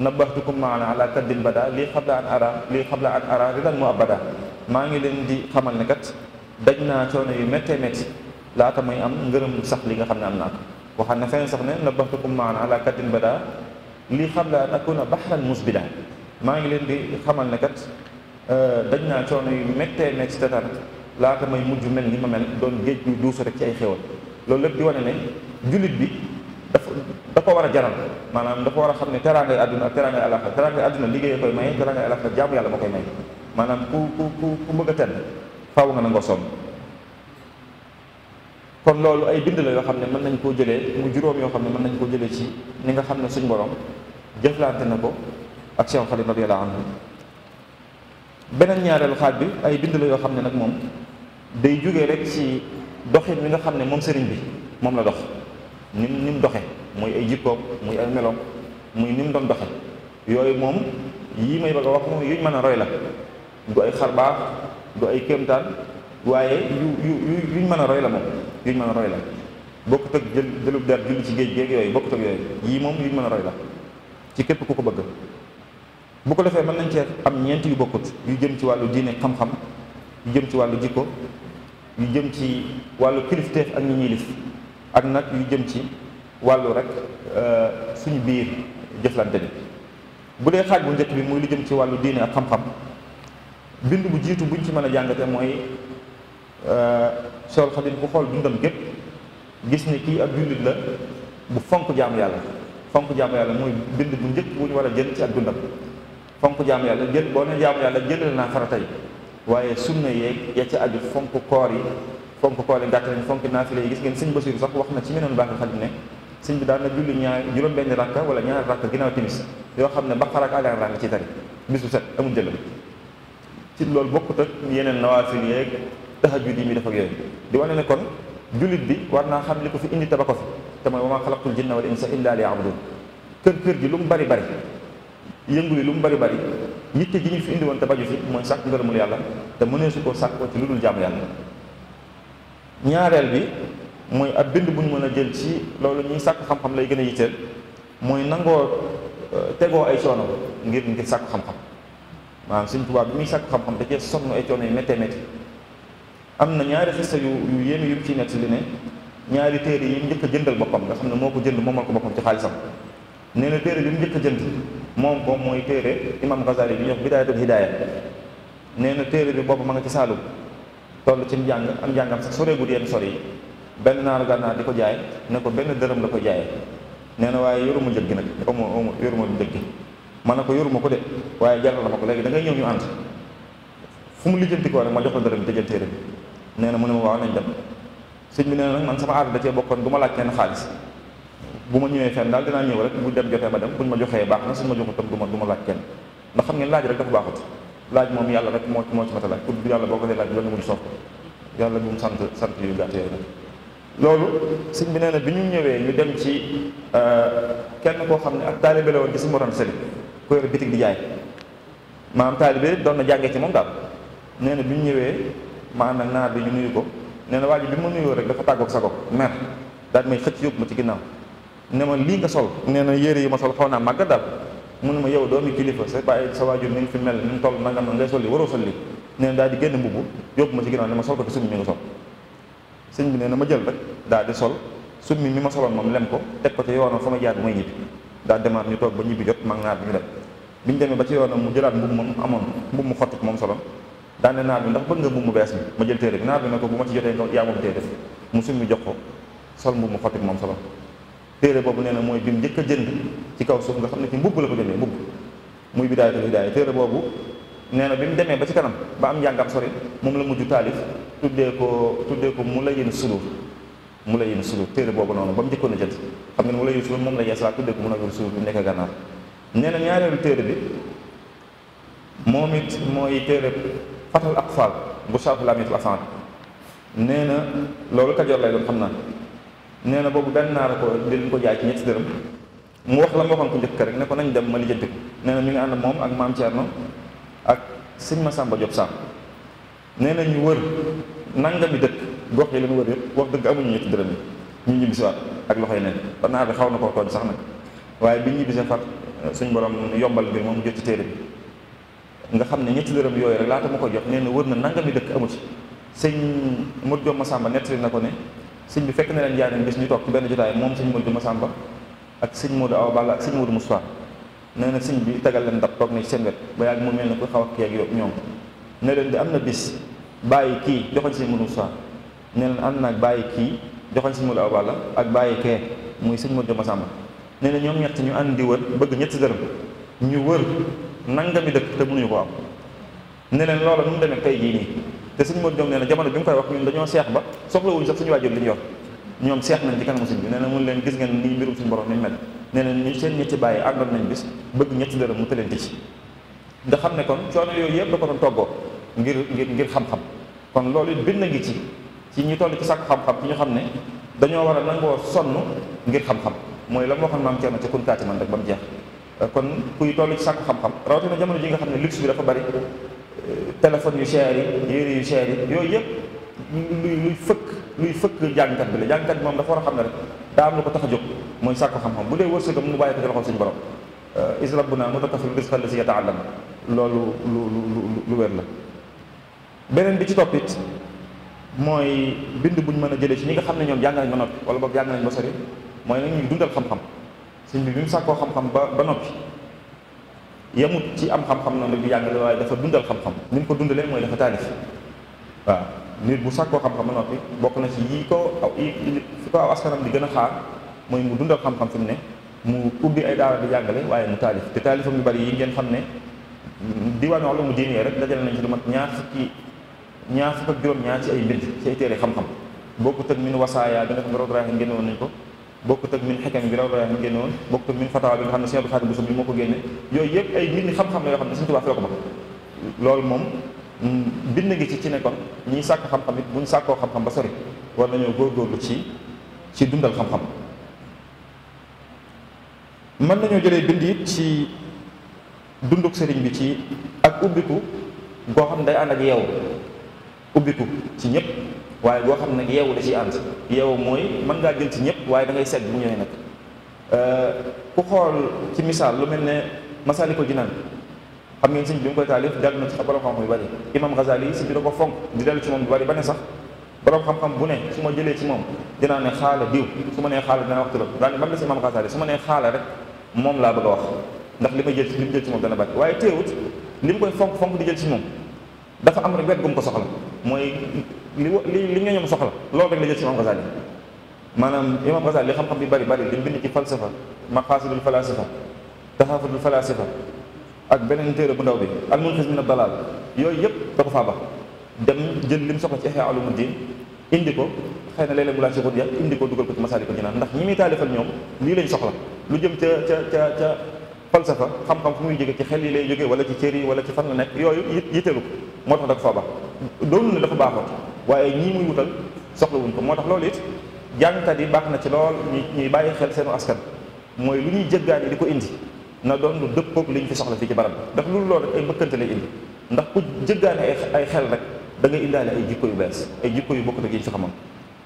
nabbaxtukum maana ala kaddin bada lii xabla an ara lii xabla an ara ridan mu abada maa ngi leen di xamal ne daj naa coono yu méttee métti laata muy am ngërëm sax li nga xam ne am naa ko waxaan na feneen sax ne na baxtukum maan ala kaddin bada li xabla an akuna baxran musbida maa ngi leen di xamal ne kat euh, daj naa coono yu méttee métti te tamit laata may mujj mel ni ma mel doon géej gu duusu rek ci ay xéwal loolu lépp di wane ne jullit bi dafa da ko war a jaral maanaam dafa war a xam ne teraangay àdduna ak teraangay alaxira teraangay àdduna liggéey koy maye teraangay alaxira jaamu yàlla ma koy maye maanaam ku ku ku ku bëgg faaw nga nangoo sonn kon loolu ay bind la yoo xam ne mën nañ koo jëlee mu juróom yoo xam ne mën nañ koo jëlee ci ni nga xam ne suñ borom jëflante na ko ak Cheikh Khalil radiyallahu anhu beneen ñaareelu xaaj bi ay bind la yoo xam ne nag moom day jógee rek ci doxin mi nga xam ne moom sëriñ bi moom la dox ni ni mu doxe muy ay jikkoom muy ay meloom muy ni mu doon doxe yooyu moom yii may bëgg a wax moom yuñ mën a roy la du ay xarbaax du ay kéemtaan waaye yu yu yuñ mën a roy la moom yuñ mën a roy la bokkut ak jël jëlub der julli ci géej géej yooyu bokkut ak yooyu yii moom yuñ mën a roy la ci képp ku ko bëgg bu ko defee man nañ cee am ñeent yu bokkut yu jëm ci wàllu diine xam jëm ci wàllu jikko yu jëm ci wàllu kilifteef ak ñi ñilif ak nag yu jëm ci wàllu rek euh, suñu biir jëflante bi bu dee xaaj bu njëkk bi muy lu jëm ci wàllu diine ak xam-xam bind bu jiitu buñ ci mën a jàngate mooy euh, Seexul Xadiim ku xool dundam gépp gis ni kii ak jullit la bu fonk jaamu yàlla fonk jaamu yàlla mooy bind bu njëkk bu ñu war a jël ci ak dundam fonk jaamu yàlla jël boo ne jaamu yàlla jëlal naa farata yi waaye sunna yeeg yee ca aju fonk koor yi fonk koor yi naa fonk naafile yi gis ngeen sëñ Basiru sax wax na ci meneen baaxi Xadiim ne sëñ bi daan na julli ñaar juróom-benn rakka wala ñaari rakka ginnaaw timis yoo xam ne baqara ak Aali Imraan la ci tari bis set amul jëlal ci loolu bokkut ak yeneen nawaafil yi rek tahajjud yi mi def ak yooyu di wane ne kon jullit bi war naa xam li ko fi indi taba ko fi te mooy wa maa xalaqtul jinna wal insa illa liya'budun kër kër gi lu mu bari bari yëngu li lu mu bari bari yitte ji ñu fi indi woon te baju fi mooy sàkk ngërëmul yàlla te mënee su koo sàkkoo ci lu dul jaamu yàlla ñaareel bi mooy ab bind bu ñu mën a jël ci loolu ñuy sàkk xam-xam lay gën a yitteel mooy nangoo euh, tegoo ay coono ngir ngir sàkk xam-xam maanaam sëñ Tuubaa bi muy sàkk xam-xam da cee sonn ay coono yu méttee métti am na ñaari xista yu yu yéeme yu ci nekk li ne ñaari téere yi jëndal boppam nga xam ne moo ko jënd moomal ko boppam ci xaalisam nee na téere bi mu njëkk a jënd moom moom mooy téere imam Ghazali bi ñuy wax bidaayatul hidaaya nee na téere bi boobu ma nga ci Saalum toll ci njàng am njàngam sore soreegul yenn sori yi benn naaru gànnaar di ko jaay ne ko benn dërëm la ko jaay nee na waaye yoruma njëg gi nag amoo amoo yoruma njëg man na ko yoruma ko de waaye jàllal na ma ko léegi da ngay ñëw ñu ànd fu mu lijjanti ko rek ma jox la dërëm tëjal téere bi nee na mu ne ma waaw nañ dem sëñ bi nee nag man sama aada da cee bokkoon du ma laaj kenn xaalis bu ma ñëwee fenn daal dinaa ñëw rek bu dem jotee ma dem buñ ma joxee baax na suñ ma joxu tam du ma du ma laaj kenn ndax xam ngeen laaj rek dafa baaxut laaj moom yàlla rek moo moo ci mata laaj pour yàlla boo ko dee laaj loolu mu sopp yàlla bu mu sant yu gàtt loolu sëñ bi nee na bi ñu ñëwee ñu dem ci euh, kenn koo xam ne ak taalibe la woon ci si moram sëriñ ku yor bitig di jaay maanaam taalibe doon na jàngee ci moom daal nee na bi ñu ñëwee maanaam naar bi ñu nuyu ko nee na waa bi ma nuyoo rek dafa tàggoog sa gox mer daal di may xëcc yóbbu ma ci ginnaaw ne ma lii nga sol nee na yére yi ma sol xaw naa màgg daal mun ma yow doomi kilifa sa bàyyi sa waajur ni mu fi mel ni mu toll nangam na ngay sol li waroo sol li nee na daal di génn mbubb yóbbu ma ci ginnaaw ne ma sol ko fi summi mi nga sol sëñ bi nee ma jël rek daal di sol summi mi ma soloon moom lem ko teg ko ci yoonam fa daal demaat ñu toog ba ñibbi jot mag naar bi ñu dem bi ñu demee ba ci yoonam mu jëlaat mbubb moom amoon mbubb mu xottit moom solon daane naar ndax bëgg nga mbubb mu bees jël téere bi naar bi ne ko bu ma ci jotee nga jox ko sol mbubb mu xottit moom solon téere boobu nee na mooy bi mu njëkk a jënd ci kaw suuf nga xam ne ci mbubb la ko jëndee mbubb muy bidaayatul bidaaya téere boobu nee na bi mu demee ba ci kanam ba am njàngam sori moom la mujj taalif tuddee ko tuddee ko mu la yéen suluuf mu lay yëngu suluk téere boobu noonu ba mu njëkkoon a jënd xam ngeen mu lay yëngu suluk moom la yeesalaa tuddee ko mu lay yëngu suluk bi ñaareelu téere bi moom it mooy téere fatal aqfal bu saafu laamit afaan nee na loolu kajoor lay doon xam naa nee na boobu benn naar ko dinañ ko jaay ci ñetti dërëm mu wax la ma waxoon ko njëkk rek ne ko nañ dem ma lijjanti ko nee na ñu ngi ànd moom ak maam Thierno ak sëñ Masamba Diop Samb nee na ñu wër bi dëkk. gox yi leen wër yëpp wax dëgg amuñu ñetti dërëm yi ñu ñibbisiwaat ak loxoy neen par naa bi xaw na koo tooñ sax nag waaye bi ñibbisee far suñ borom yombal mbir moom jot ci téere bi nga xam ne ñetti dërëm yooyu rek laata ma ko jox nee na wër na nangami dëkk amu ci sëñ mot jom Masamba nettali na ko ne sëñ bi fekk na leen jaareen bis ñu toog ci benn jotaay moom sëñ mot jom Masamba ak sëñ Modou Awa Balla ak sëñ Modou Moustapha nee na sëñ bi tegal leen ndab toog na ci seen wet ba yàgg mu mel ne ku xaw ak kii ak ñoom ne leen di am na bis bàyyi kii joxoñ sëñ Modou Moustapha nee leen ànd naag bàyyi kii joxoñ sëñ Modou Awa Balla ak bàyyi kee muy sëñ Modou Masamba nee na ñoom ñett ñu àndi wër bëgg ñetti dërëm ñu wër nangami dëkk te ñu ko am ne leen loola nu mu demee tey jii nii te sëñ Modou Diop nee na jamono bi mu koy wax ñu dañoo seex ba soxlawuñu sax suñu waajur li ñu yor ñoom seex nañ ci kanamu sëñ bi nee na mun leen gis ngeen ni mbirum suñu borom ni mel nee na ñu seen ñetti bàyyi àndoon nañ bis bëgg ñett dërëm mu tëleen ci nga xam ne kon coono yooyu yëpp da ko toggoo ngir ngir ngir xam kon loolu it na ngi ci ci ñu toll ci sàkk xam-xam ci ñu xam ne dañoo war a nangoo sonn ngir xam-xam mooy la moo xam maam Cerno ca kun kaati man rek ba mu jeex euh, kon kuy toll ci sàkk xam-xam rawatina jamono ji nga xam ne luxe bi dafa bari euh, téléphone yu cher yi yére yu cher yi yooyu yëpp luy luy fëkk luy fëkk jàngkat bi la jàngkat bi moom dafa war a xam ne rek daa am lu ko tax a jóg mooy sàkk xam-xam bu dee wërsëgam mu bàyyi ko ci loxol suñu borom euh, is rabbuna mutakafil risqa la si yataallam loolu lu lu lu wér la bi ci toppit mooy bind buñ mën a jëlee ci ñi nga xam ne ñoom jàng nañ ba noppi wala boog jàng nañ ba sori mooy nag ñuy dundal xam sëñ bi bi mu ba ba noppi yemut ci am xam-xam bi yàgg waaye dafa dundal xam-xam ni mu ko dundalee mooy dafa taalif waaw nit bu sàkkoo xam-xam ba noppi bokk na ci yi ko aw yi ko aw askanam di gën a xaar mooy mu dundal xam-xam fi mu ne mu ubbi ay daara di jàngale waaye mu taalif te taalifam yu bari yi ngeen xam ne diwaan wax la mu diine rek dajale nañ ci lu mat ñaar fukki ñaar fukk ak juróom-ñaar ci ay mbir ci ay téere xam-xam bokkut ak min wasaaya bi nga xam ne raw raxin génne woon nañ ko bokkut ak min xekam bi raw raxin génne woon bokkut ak min fatawa bi nga xam ne Sëriñ Abdou Khadre Bousso bi moo ko génne yooyu yëpp ay bind xam-xam la yoo xam ne Sëriñ Tuubaa loolu moom mm, bind ci ci ne sàkk xam-xam it buñ sàkkoo xam-xam ba sori war nañoo góorgóorlu ci ci dundal xam-xam mën nañoo jëlee bind it ci dunduk sëriñ bi ci ak ubbiku goo xam ne day ànd ak yeewu ubbiku ci ñëpp waaye boo xam ne nag yeewu da ciy ànd yeewu mooy mën ngaa jël ci ñëpp waaye da ngay seet bu ñëwee nag euh, ku xool ci misaal lu mel ne Masaalikul Jinaan xam ngeen sëñ bi mu koy taalif dellu na ci borom xam-xam yu bëri imam Ghazali sëñ bi da ko fonk di dellu ci moom bu bëri ba ne sax borom xam-xam bu ne su ma jëlee ci moom dinaa ne xaala diw su ma nee xaala dana wax turam daal ba mu des imam Ghazali su ma nee xaala rek moom laa bëgg a wax ndax li may jël ci li mu moom dana bëri waaye teewut li mu koy fonk fonk di jël dafa am rek wet gum ko soxla mooy li li li ñoom soxla loolu rek la jël ci imam Ghazali maanaam imam Ghazali li xam-xam bi bari bari li bind ci falsafa maqasidul falasifa taxafatul falasifa ak beneen téere bu ndaw bi almunqidh min ad-dalal yooyu yëpp da ko faa bax dem jël lim soxla ci ihya ulumuddin indi ko xëy na léeg-léeg mu laaj ci xut ya indi ko dugal ko ci masaalikul jinaan ndax ñi muy taalifal ñoom lii lañ soxla lu jëm ca falsafa xam-xam fu muy jóge ci xel yi lay jóge wala ci cër yi wala ci fan la nekk yooyu yitteelu ko moo tax da ko faa baax doonul ne dafa baaxoon waaye ñii muy wutal soxla wuñ ko moo tax loolu yit jàngkat yi baax na ci lool ñuy bàyyi xel seenu askan mooy lu ñuy jëggaani di ko indi na doon lu dëppoog li ñu fi soxla fii ci barab ndax loolu lool rek ay mbëkkante lay indi ndax ku jëggaani ay ay xel rek da indaale ay jikko yu bees ay jikko yu bokkut ak yi ñu fi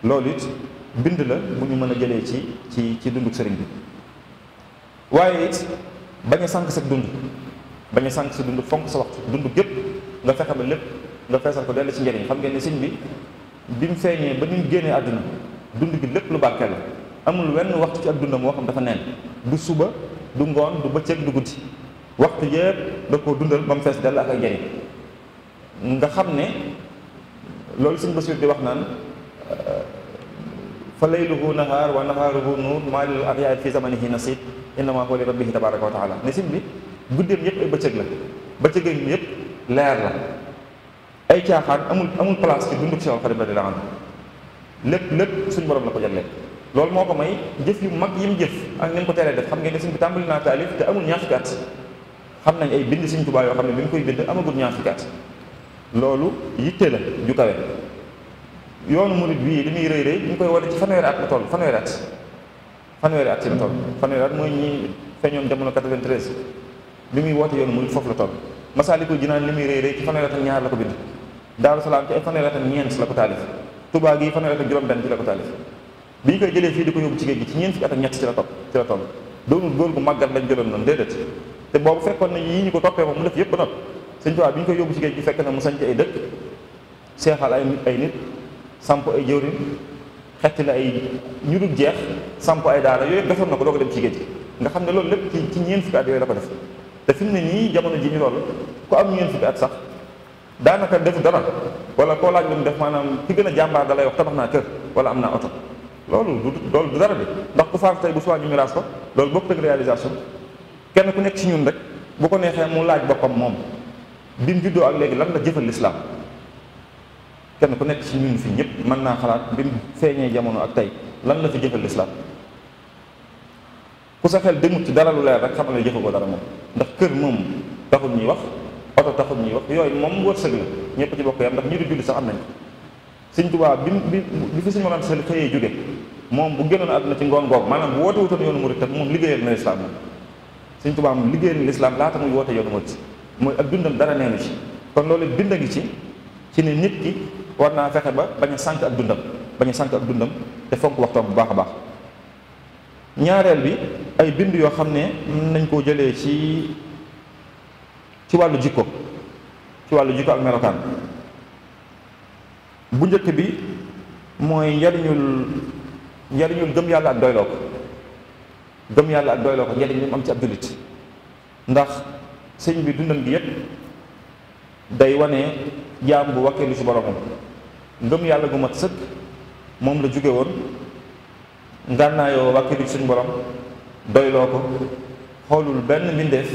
loolu it bind la bu ñu mën a jëlee ci ci ci dunduk sëriñ bi bañ a sànq sa dund bañ a sa dund fonk sa waxtu dund gépp nga fexe ba lépp nga feesal ko dell ci njariñ xam ngeen ne sëñ bi bi mu feeñee ba ni génnee àdduna dund gi lépp lu barkeel la amul wenn waxtu ci ak dundam moo xam dafa neen du suba du ngoon du bëccëg du guddi waxtu yëpp da koo dundal ba mu fees dell ak ay njëriñ nga xam ne loolu sëñ Basiir di wax naan fa layluhu nahaar wa nahaaruhu nuur maa lil axyaar fi zamanihi nasiib innamaa huwa li rabbihi tabaraka wa taala ne sëñ bi guddeem yëpp ay bëccëg la bëccëgam yëpp leer la ay caaxaan amul amul place ci dundug Seexul Xadiim radiyallaahu anhu lépp lépp suñ borom la ko jàllee loolu moo ko may jëf yu mag yi mu jëf ak ni mu ko teelee def xam nga ne sëñ bi tàmbali naa taalif te amul ñaar fukki xam nañ ay bind sëñ Tuubaa yoo xam ne bi mu koy bind amagul ñaar fukki loolu yitte la ju kawe yoonu murid bii li muy rëy rëy ñu koy wane ci fanweeri at fanweeri at ci la toll fanweeri at mooy ñi feeñoon jamono 93 li muy woote yoonu muy foofu la toll Masaalikul Jinaan li muy rëy rëy ci fanweeri at ñaar la ko bind Daaru Salaam ci ay fanweeri at ñeent la ko taalif Tubaa gi fanweeri at juróom-benn ci la ko taalif bi ñu koy jëlee fii di ko yóbbu ci géej gi ci ñeent fukki at ak ñett ci la topp ci la toll doonul góor gu màggat lañ jëloon noonu déedéet te boobu fekkoon na yii ñu ko toppee moom mu def gi fekk na ay dëkk seexal ay ay nit samp xett la ay ñu dul jeex samp ay daara yooyu defoon na ko doo ko dem ci géej gi nga xam ne loolu lépp ci ci ñeent fukki at yooyu la ko def te fi mu ne nii jamono ji ñu loolu ku am ñeent fukki at sax daanaka def dara wala koo laaj lu def maanaam ki gën a jàmbaar da lay wax tabax naa kër wala am naa oto loolu du loolu dara de ndax ku faatu tey bu suwaa ñu miraas ko loolu bokk ak réalisation kenn ku nekk ci ñun rek bu ko neexee mu laaj boppam moom bi mu juddoo léegi lan la jëfal lislaam kenn ku nekk ci ñun fii ñëpp mën naa xalaat bi mu feeñee jamono ak tey lan la fi jëfal lislaam ku sa xel demut ci dara lu leer rek xamal ne jëfe ko dara moom ndax kër moom taxul ñuy wax oto taxul ñuy wax yooyu moom wërsëg la ñëpp ci bokk yam ndax ñu di julli sax am nañ suñ Tuubaa bi bi bi fi suñu maanaam sel xëyee jóge moom bu génnoon na ci ngoon googu maanaam bu woote wutoon yoonu murit tam moom liggéeyal na lislaam moom sëñ Tuubaa moom liggéeyal na lislaam laata muy woote yoonu murit mooy ak dundam dara neenu ci kon loolu bind a ngi ci ci nit ki war naa fexe ba bañ a ak dundam bañ a ak dundam te fonk waxtoom bu baax a baax ñaareel bi ay bind yoo xam ne mën nañ koo jëlee ci ci wàllu jikko ci wàllu jikko ak melokaan bu njëkk bi mooy njariñul njariñul gëm yàlla ak doyloo ko gëm yàlla ak doyloo ko njariñ li mu am ci ab jullit ndax sëñ bi dundam gi yépp day wane jaam bu wakkeelu ci boromam ngëm yàlla gu mat sëkk moom la jóge woon ngànnaayoo wakkeelu ci suñ borom doyloo ko xoolul benn mbindeef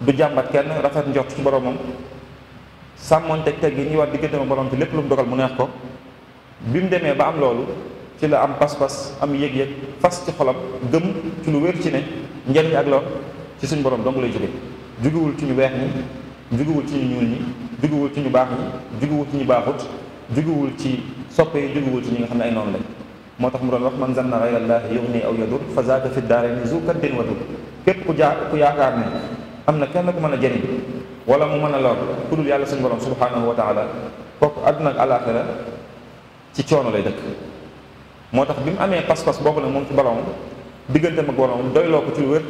du jàmbat kenn rafet njort ci boromam sàmmoonte teg gi ñuy war diggante ma borom te lépp lu mu dogal mu neex ko bi mu demee ba am loolu ci la am pas-pas am yëg-yëg fas ci xolam gëm ci lu wér ci ne njariñ ak lool ci suñ borom dong lay jóge jógewul ci ñu weex ni jugewul ci ñu ñuul ñi jugewul ci ñu baax ñi jugewul ci ñu baaxut jugewul ci soppe yi jugewul ci ñi nga xam ne ay noonu lañ moo tax mu doon wax man zanna gayra llaahi yugni aw yadur fa zaaka fi daarayni zu kaddin wa képp ku jaa ku yaakaar ne am na kenn ku mën a jëriñ wala mu mën a lor ku dul yàlla suñu borom subhaanahu wa taala kooku àdduna ak àlaaxira ci coono lay dëkk moo tax bi mu amee pas-pas boobu nag moom ci borom digganteem ak borom doyloo ko ci lu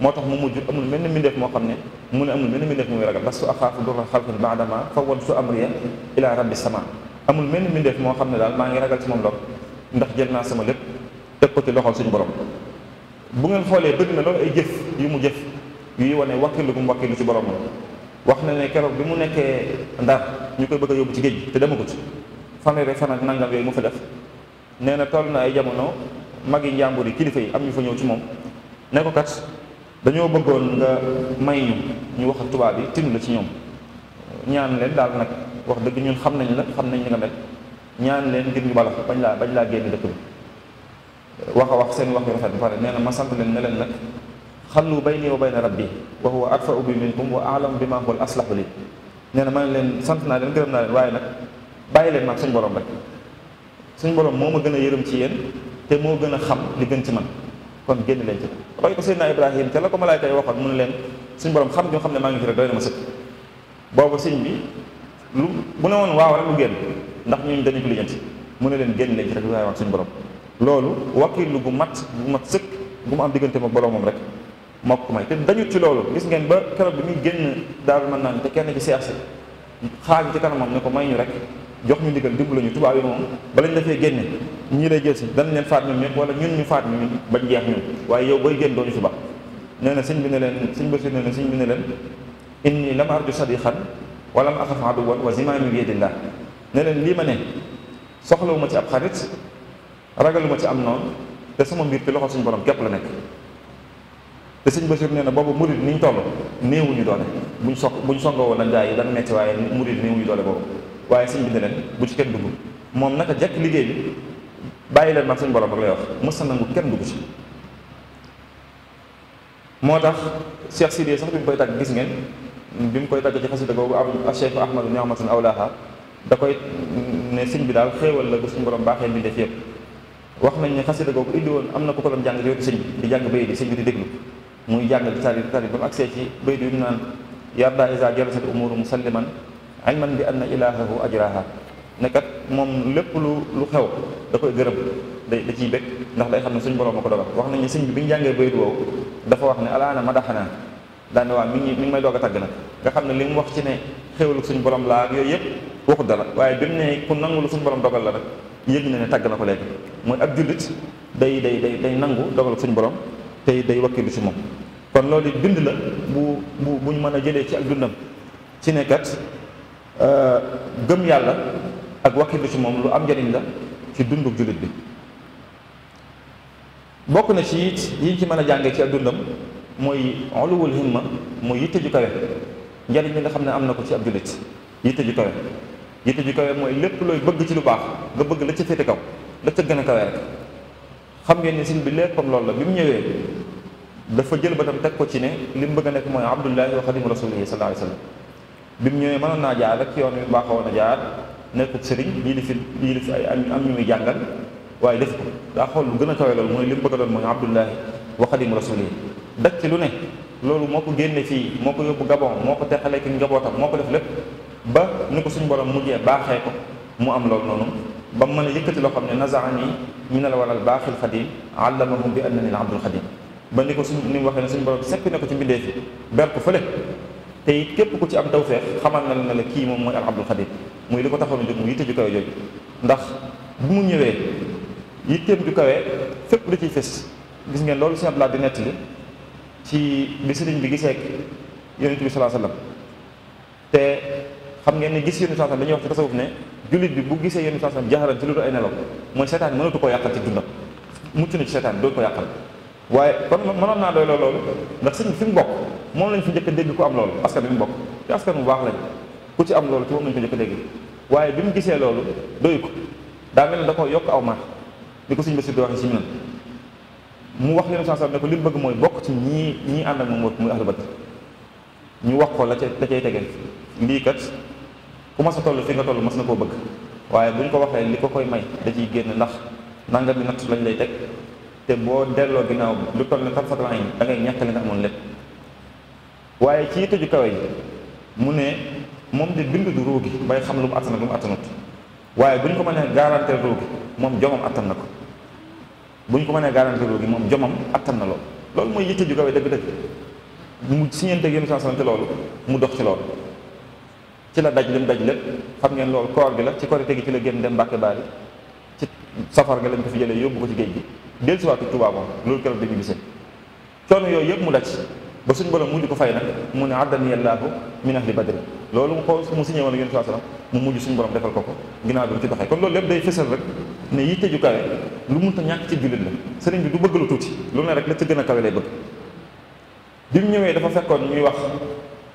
moo tax mu mujj amul mel mindeef moo xam ne mu ne amul mel ni mbindeef muy ragal bastu axaafu durra xalqin baadama fawwadtu amriya ila rabbi sama amul mel ni moo xam ne daal maa ngi ragal ci moom lor ndax jël naa sama lépp te ko ci suñu borom bu ngeen xoolee bëgg na loolu ay jëf yu mu jëf yuy wane wakkilu gum wakkilu ci borom wax na ne keroog bi mu nekkee ndar ñu koy bëgg yóbbu ci géej bi te demagut fanweeri fan ak nangam yooyu mu fi def nee na toll na ay jamono magi njàmbur yi kilifa yi am ñu fa ñëw ci moom ne ko kat dañoo bëggoon nga may ñu ñu wax ak tubaab yi tinu la ci ñoom ñaan leen daal nag wax dëgg ñun xam nañ la xam nañ li nga mel ñaan leen ngir ñu balax bañ laa bañ laa génn dëkk bi wax a wax seen wax yu rafet ba pare nee ma sant leen ne leen nag xallu bayni wa bayna rabbi wa huwa adfa'u bi minkum wa a'lamu bi ma huwa aslahu li nee na ma ne leen sant naa leen gërëm naa leen waaye nag bàyyi leen maag suñ boroom rek suñ borom moo ma gën a yërëm ci yéen te moo gën a xam li gën ci man kon génn leen ci roy ko Seydina Ibrahim te la ko malaayka yi waxoon mu ne leen suñ borom xam gi xam ne maa ngi fi rek doy na ma sëkk boobu siñ bi lu bu ne woon waaw rek lu génn ndax ñun dañu ko lijjanti mu ne leen génn leen ci rek lu waay wax suñu borom loolu gu mat gu mat sëkk gu am diggante ma boromam rek moo ko dañu ci loolu gis ngeen ba keroog bi muy génn daaru mën naan te kenn ci seex si xaar ci kanamam ne ko may ñu rek jox ñu ndigal dimbali ñu tubaab yi moom bala defee dafee génne ñii lay jël si dañ leen faat ñun ñëpp wala ñun ñu faat ñu bañ jeex ñun waaye yow booy génn dooñu fi ba nee na sëñ bi ne leen sëñ Basiru nee na sëñ bi ne leen inni lam arju xan wala ma axaf aduwan wa zimaami bi yadillah ne leen lii ma ne soxlawuma ci ab xarit ragaluma ci am noonu te sama mbir ci loxo suñu borom képp la nekk te sëñ Basiru nee na boobu murid niñ toll néewuñu doole buñ so buñ songoo woon ak gaa yi dañ metti waaye murid néewuñu doole boobu waaye sëñ bi ne bu ci kenn dugg moom naka jekk liggéey bi bàyyi leen man suñ borom ak lay wax mësa nangu kenn dugg ci moo tax Cheikh Sidiye sax bi mu koy tàgg gis ngeen bi mu koy tàgg ci xasida googu ab Cheikh Ahmadu Niamatan Awlaha da koy ne sëñ bi daal xéewal la bu suñ borom baaxee bi mbindeef yëpp wax nañ ne xasida googu indi woon am na ku ko doon jàng yootu sëñ bi di jàng bay di sëñ bi di déglu muy jàng di tari tari ba mu agsee ci bay di yu mu naan yarda isa jalosati umuru musalliman ilman bi anna ilahahu ajraha ne kat moom lépp lu lu xew da koy gërëm day da ciy bëgg ndax day xam ne suñ borom a ko dogal wax nañu sëñ bi bi ñu jàngee bayit woowu dafa wax ne alaana madaxanaa daane waa mi ngi mi ngi may doog a tàgg na nga xam ne li mu wax ci ne xewlu suñ borom laa ak yooyu yëpp waxut dara waaye bi mu ne ku nangu lu suñ borom dogal la rek yëg na ne tàgg na ko léegi mooy ak jullit day day day day nangu dogal suñ borom tey day wakkilu si moom kon loolu bind la bu bu bu ñu mën a jëlee ci ak dundam ci ne kat Euh, gëm yàlla ak wakkilu ci moom lu am njariñ la ci dundu jullit bi bokk na ci it yi ci mën a jànge ci dundam mooy uluwul himma mooy yitte ju kawe njariñ bi nga xam ne am na ko ci ab jullit yitte ju kawe yitte ju kawe mooy lépp looy bëgg ci lu baax nga bëgg la ci féete kaw la ca gën a kawe rek xam ngeen ne sin bi léppam lool la bi mu ñëwee dafa jël ba tam teg ko ci ne li mu bëgg a nekk mooy abdullahi wa xadimu rasulihi sallallahu alayhi wa sallam bi mu ñëwee mënoon naa jaar rek ci yoon wi baaxoo a jaar nekkut sëriñ lii li fi lii li fi ay am ñu muy jàngal waaye def ko daa xool lu gën a kawe loolu mooy li mu bëgg a doon mooy abdullahi wa xadimu rasuli dak ci lu ne loolu moo ko génne fii moo ko yóbbu gabon moo ko teqalee ki njabootam moo ko def lépp ba ko suñu borom mujjee baaxee ko mu am loolu noonu ba mu mën a yëkkati loo xam ne nazaani ñu ne la walal baaxil xadim allamahum bi annani al abdul xadim ba ni ko suñ ni mu waxe ne suñu borom seppi ne ko ci mbindee fi ber ko fële te it képp ku ci am tawféex xamal na ne la kii moom mooy al abdul xadim muy li ko taxoon jóg mu yitte ju kawe jooju ndax bu mu ñëwee yitteem ju kawe fépp da ciy fés gis ngeen loolu sëñ laa di nett li ci bi sëriñ bi gisee ak yonent bi salaa sallam te xam ngeen ne gis yonent salaa sallam dañuy wax ci bi bu gisee yonent salaa sallam jaxaran ci lu dul ay nelaw mooy seetaan mënatu koo yàqal ci dundam mucc na ci seetaan dootu ko yàqal waaye kon mënoon naa doy loolu ndax sëñ fi moom lañ fi njëkk a dégg ku am loolu askan bi mu bokk te askan bu baax lañ ku ci am loolu ci moom lañ ko njëkk a dégg waaye bi mu gisee loolu doy ko daa mel ne da ko yokk aw maat ni ko suñu bés di waxee si ñun mu wax yeneen saa ne ko li mu bëgg mooy bokk ci ñii ñii ànd ak moom moo muy ahlu badr ñu wax ko la ca la cay tegee lii kat ku mas a toll fi nga toll mas na koo bëgg waaye bu ñu ko waxee li ko koy may da ciy génn ndax nanga bi natt lañ lay teg te boo delloo ginnaaw lu toll ne tam fatalaay da ngay ñàkk li nga amoon lépp waaye ci yitte ju kawe yi mu ne moom de bind du roogi bay xam lu mu attan ak lu mu attanut waaye bu ñu ko mënee garanté roogi moom jomam attan na ko bu ñu ko mënee garanté roogi moom jomam attan na loolu loolu mooy yitte ju kawe dëgg-dëgg mu siñeente ak yéen ci loolu mu dox ci loolu ci la daj lim daj lépp xam ngeen loolu koor gi la ci korite gi ci la génn dem Mbàkke Baari ci safar ga lañ ko fi jëlee yóbbu ko ci géej gi dellusiwaatu Tuubaa moom loolu keroog dañu gisee coono yooyu yëpp mu daj ba suñ borom mujj ko fay nag mu ne addani yallaahu min ahli badri loolu mu ko mu signé woon yonent saa sallam mu mujj suñ borom defal ko ko ginnaaw bi mu ci doxee kon loolu lépp day rek ne yitte ju kawe lu mun ta ñàkk ci jullit la sëriñ bi du bëgg lu tuuti lu ne rek la ca gën a kawe lay bëgg bi mu ñëwee dafa fekkoon ñuy wax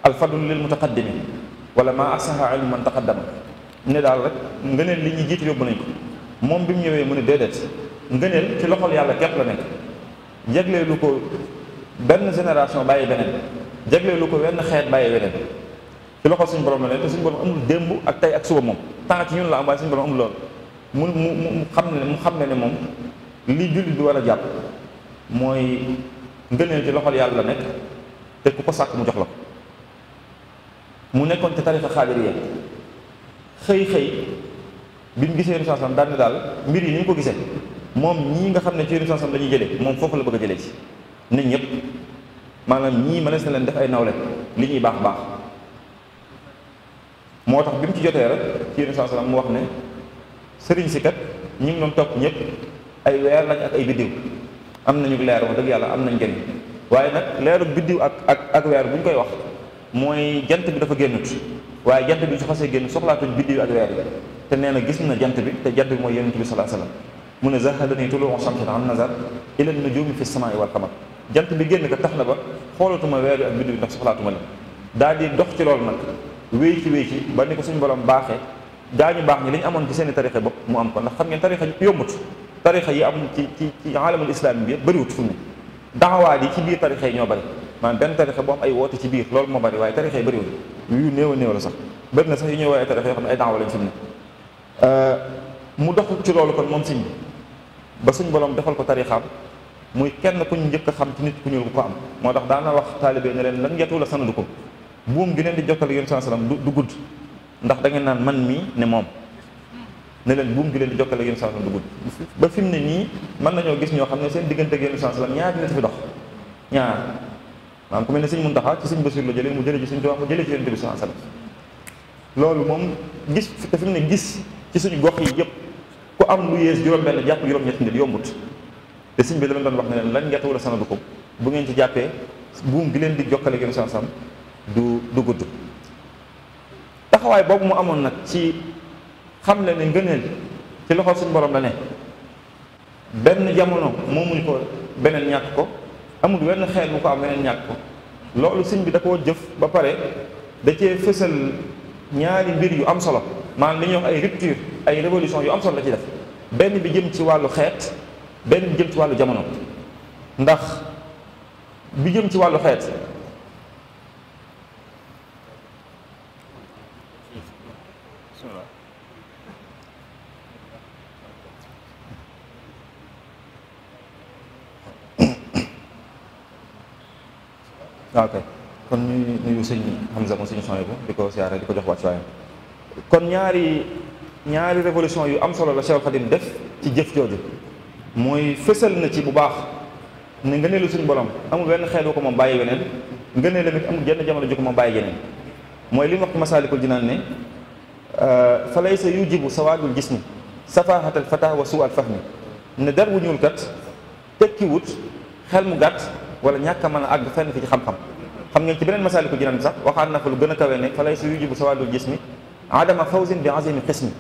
alfadlu lil mutaqaddimi wala maa asaha ilmu man taqaddama ne daal rek ngëneel li ñuy jiitu yóbbu nañ ko moom bi mu ñëwee mu ne déedéet ngëneel ci loxol yàlla képp la nekk yegleelu ko benn génération bàyyi beneen jagleelu ko wenn xeet bàyyi weneen ci loxo suñu borom la ne te suñu borom amul démb ak tey ak suba moom temps ci ñun la am waaye suñu borom amul lool mu mu mu xam ne mu xam ne ne moom li jullit bi war mooy ngëneel ci loxol yàlla la nekk te ku ko sàkk mu jox la mu nekkoon ci tarixa xaadiriya xëy xëy bi mu gisee Rasul sallam daal ne daal mbir yi ni mu ko gisee moom ñii nga xam ne ci Rasul sallam la ñuy jëlee moom foofu la bëgg a jëlee ci nit ñëpp maanaam ñii mën na leen def ay nawle li ñuy baax baax moo tax bi mu ci jotee rek ci yéen saa salaam wax ne sëriñ si kat ñi ngi doon topp ñëpp ay weer lañ ak ay biddiw am nañu leer wax dëgg yàlla am nañ njëriñ waaye nag leeru biddiw ak ak ak weer bu koy wax mooy jant bi dafa génnut waaye jant bi su xasee génn soxlaatuñ biddiw ak weer bi te nee na gis na jant bi te jant bi mooy yonent bi salaa salaam mu ne zahadani tuluu shamsi an nazar ila nujumi fi samaai wal qamar jant bi génn ko tax na ba xoolatuma weer wi ak biddu bi ndax soxlaatuma leen daal dox ci loolu man wéy ci wéy ci ba ni ko suñu borom baaxee daañu baax ñi li ñu amoon ci seen i tarixa bopp mu am ko ndax xam ngeen tarixa yombut tarixa yi am ci ci ci alamul islam yëpp bëriwut fu mu ne daxawaat yi ci biir tarixa yi ñoo bëri maanaam benn tarixa boo ay woote ci biir loolu moo bëri waaye tarixa yi bëriwul yu néew a néew la sax ñuy woowee tarixa yoo xam ne ay mu ne euh, ci loolu kon moom siñ ba suñ borom defal ko tarixaam muy kenn ku ñu njëkk xam ci nit ku ñuul ku ko am moo tax daana wax taalibe ne leen lan yetu la sanadu ko buum gi leen di jokkale yéen saa salaam du gudd ndax da naan man mii ne moom ne leen buum gi leen di jokkale yéen saa salaam du gudd ba fi mu ne nii mën nañoo gis ñoo xam ne seen diggante ak yéen saa salaam ñaar nit fi dox ñaar ku mel ne sëñ Muntaxa ci sëñ Basiir la jëlee mu jëlee ci sëñ Tuubaa mu jëlee ci loolu moom gis te fi ne gis ci suñu gox yi yëpp ku am lu yées juróom-benn jàpp juróom-ñetti nit yombut te sëñ bi la doon wax ne leen a yàttu wala sanadukum bu ngeen ci jàppee buum gi leen di jokkale gën san sam du du gudd taxawaay boobu mu amoon nag ci xam le ne ngëneel ci loxol suñ borom la ne benn jamono moom muñ ko beneen ñàkk ko amul wenn xeet mu ko am beneen ñàkk ko loolu sëñ bi da koo jëf ba pare da cee fësal ñaari mbir yu am solo maanaam li ñuy wax ay rupture ay révolution yu am solo la ci def benn bi jëm ci wàllu xeet benn bi jëm ci wàllu jamono ndax bi jëm ci wàllu xeet ah, ok kon ñu nuyu sëñ Hamza moom sëñ Sonia bu di ko siyaare di ko jox wàccuwaayam kon ñaari ñaari révolution yu am solo la Cheikh Khadim def ci jëf jooju mooy fësal na ci bu baax ne ngëneelu suñu borom amul wenn xeet ko moom bàyyi weneen ngëneel amit amul jenn jamono ju ko moom bàyyi yeneen mooy li mu wax ci masaalikul jinaan ne euh, fa laysa yujibu sawaadul jismi safahatal fata wa suu al fahmi ne dar wu ñuul kat tekki wut xel mu gàtt wala ñàkk a a àgg fenn fi ci xam-xam xam ngeen ci beneen masaalikul jinaan bi sax waxaat na fa lu gën a kawe ne fa laysa yujibu sawaadul jismi adama fawzin bi azimi qismi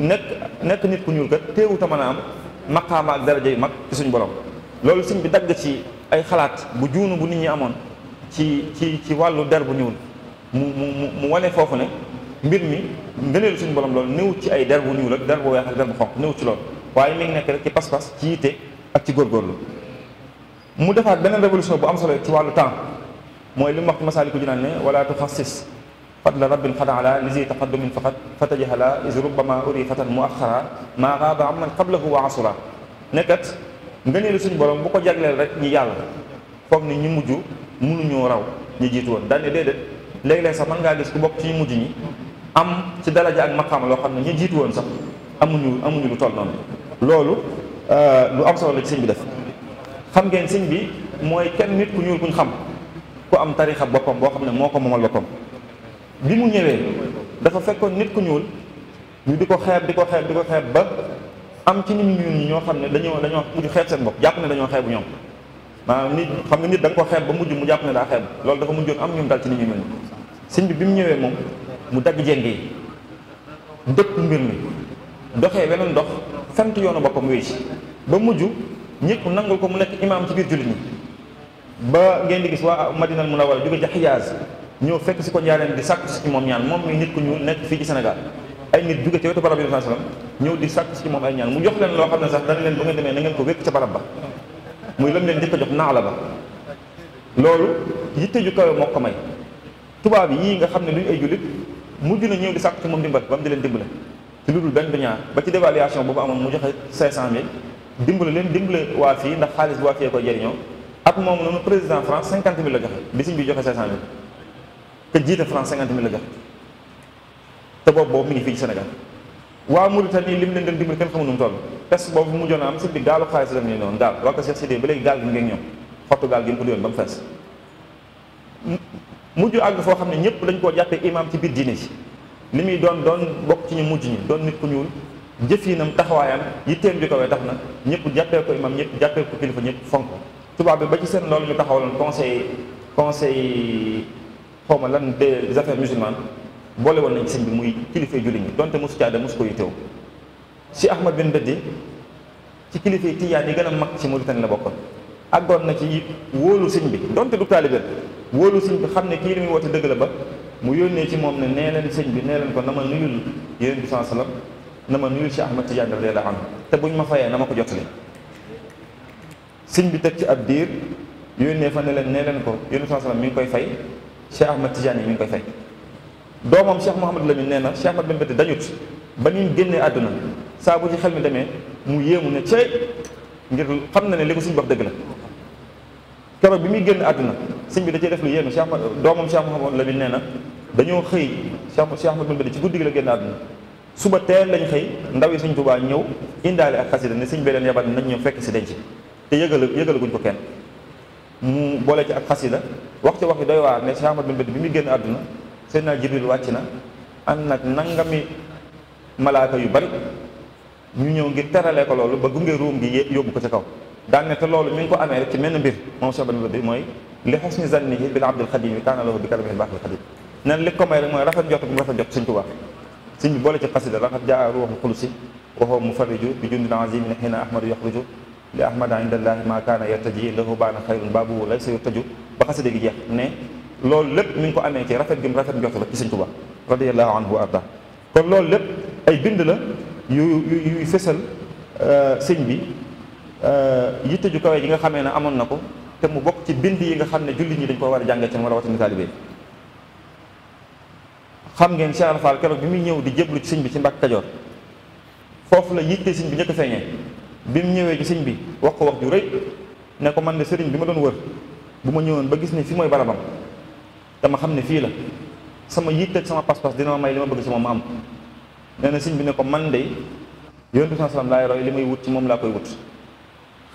nekk nekk nit ku ñuul kat teewu tamana am maqaama ak daraja yu mag ci suñu borom loolu sëñ bi dagg ci ay xalaat bu juunu bu nit ñi amoon ci ci ci wàllu der bu ñuul mu mu mu wane foofu ne mbir mi ngëneelu suñu borom loolu néew ci ay der bu ñuul ak der bu weex ak der bu xonq néew ci loolu waaye mi ngi nekk rek ci pas-pas ci yitte ak ci góorgóorlu mu defaat beneen révolution bu am solo ci wàllu temps mooy li mu wax ci Masaalikul Jinaan ne wala tuxassis fadla rabbin xad ala lisi taqaddumin faqat fatajahala is rubbama urifatan muaxara maa xaaba am man qablahu wa asura nekkat ngëneelu suñ borom bu ko jagleel rek ñi yàlla foog ni ñu mujj mënuñoo raw ñu jiitu woon daane déedéet léeg-léeg sax mën ngaa gis ku bokk ci ñu mujj ñi am ci daraja ak maqaama loo xam ne ñi jiitu woon sax amuñu amuñu lu toll noonu loolu euh, lu am solo la ci bi def xam ngeen sëñ bi mooy kenn nit ku ñuul kuñ xam ku am tarixa boppam boo xam ne moo ko moomal boppam bi mu ñëwee dafa fekkoon nit ku ñuul ñu di ko xeeb di ko xeeb di ko xeeb ba am ci nit ñuul ñi ñoo xam ne dañoo dañoo mujj xeeb seen bopp jàpp ne dañoo bu ñoom maanaam nit xam nga nit da nga ko xeeb ba mujj mu jàpp ne daa xeeb loolu dafa mujjoon am ñoom dal ci sëñ bi bi mu ñëwee moom mu dagg jéng yi dëpp mbir mi doxee weneen dox fent yoonu boppam wéy ci ba mujj ñëpp nangul ko mu nekk imaam ci biir jullit ñi ba ngeen di gis waa Madinal Munawwara jóge ca Xijaaz ñoo fekk si ko njaareem di sàkku si ci moom ñaan moom mi nit ku ñu nekk fii ci Sénégal ay nit jóge ci wetu barab bi sallallahu alayhi wasallam ñëw di sàkku si ci moom ay ñaan mu jox leen loo xam na ngeen a jox naala ba loolu yitte ju kawe moo ko may yii nga xam ne duñ ay jullit mujj na ñëw di sàkku ci moom dimbal ba mu di leen dimbale ci lu dul benn bi ñaar ba ci dévaluation boobu amoon mu joxe 500000 dimbale leen dimbale waa fii ndax xaalis bu waa fii koy jëriñoo at moom noonu président France 50 000 la joxe bi joxe bi joxe 500000 te jiite France cinquante mille la jox te boobu boobu mi ngi fii ci Sénégal waa Mauritanie lim leen doon dimbali kenn xamu nu mu toll pes boobu mujjoon a am si bi gaalu xaalis daf ne noonu gaal waa ko Cheikh Sidé ba léegi gaal gi ngeen ñoom xottu gaal gi mu ko yoon ba mu fees mujj àgg foo xam ne ñëpp dañ koo jàppee imam ci biir diine si ni muy doon doon bokk ci ñu mujj ñi doon nit ku ñuul jëfinam taxawaayam yitteem bi kawee tax na ñëpp jàppee ko imam ñëpp jàppee ko kilifa ñëpp fonk tubaab bi ba ci seen loolu ñu taxawaloon conseil conseil xaw lan de affaires musulmanes boole woon nañ sëñ bi muy kilifay jullit ñi donte mosu caada mosu ko yittew si Ahmad bin Baddi ci kilifay tiyaan yi gën a mag ci Mauritanie la bokkoon àggoon na ci wóolu sëñ bi donte du taalibeel wóolu sëñ bi xam ne kii li muy woote dëgg la ba mu yónnee ci moom ne nee leen sëñ bi nee leen ko na ma nuyul yonent bi saa sallam na ma nuyul si Ahmad Tijaan radiyallaahu anhu te ñu ma fayee na ma ko jotali sëñ bi teg ci ab diir yónnee fa ne leen nee leen ko yonent mi koy fay Cheikh Ahmad Tidiane yi ngi koy fay doomam Cheikh Mouhamadou Lamine nee na Cheikh Ahmad Bamba Diagne dañut ba ni génnee àdduna saa bu ci xel mi demee mu yéemu ne cey ngir xam na ne li ko suñu wax dëgg la keroog bi muy génn àdduna sëñ bi da cee def lu yéemu Cheikh doomam Cheikh Mouhamadou Lamine nee na dañoo xëy Cheikh Cheikh Ahmad Bamba ci guddi gi la génn àdduna suba teel lañ xëy ndaw suñ sëñ Tuubaa ñëw indaale ak xasida ne sëñ bi leen yabal nañ ñëw fekk si denc te yëgal yëgalaguñ ko kenn mu boole ci ak xasida wax ci wax yi doy waar ne Cheikh na ànd nag nangami gi yóbbu ko ne te loolu mi ngi ko amee rek ci menn mbir moom Cheikh Ahmad bin Badi mooy li xusni zannihi bil abdil xadim yi kaana lahu bi kalamihi baaxil xadim nan ko may rek mooy rafet jot bu rafet jot Sëñ bi boole ci xasida laqad jaa ruuxul xulusi wa ahmadu yaxruju li ahmada indallaahi maa kaana yartaji indahu baana xayrun baabuhu laysa yurtaju ba xasida gi jeex ne lool lépp mi ngi ko amee ci rafet gi rafet njort la ci Sëñ Tuubaa radiyallaahu anhu wa arda kon loolu lépp ay bind la yu yuy fësal euh, sëñ bi euh, yitte ju kawe ji nga xamee ne amoon na ko te mu bokk ci bind yi nga xam ne jullit ñi dañ ko war a jàngee ci wala watani taalibe xam ngeen Cheikh Fall keroog bi muy ñëw di jéblu ci sëñ bi ci Mbàkke Kajoor foofu la yitte sëñ bi ñëkk feeñee bi mu ñëwee ci siñ bi wax ko wax ju rëy ne ko man de sëriñ bi ma doon wër bu ma ñëwoon ba gis ne fi mooy barabam dama xam ne fii la sama yitteeg sama pas-pas dina ma may li ma bëgg sama ma am nee na sëñ bi ne ko man de yonent bi salaam laay roy li may wut ci moom laa koy wut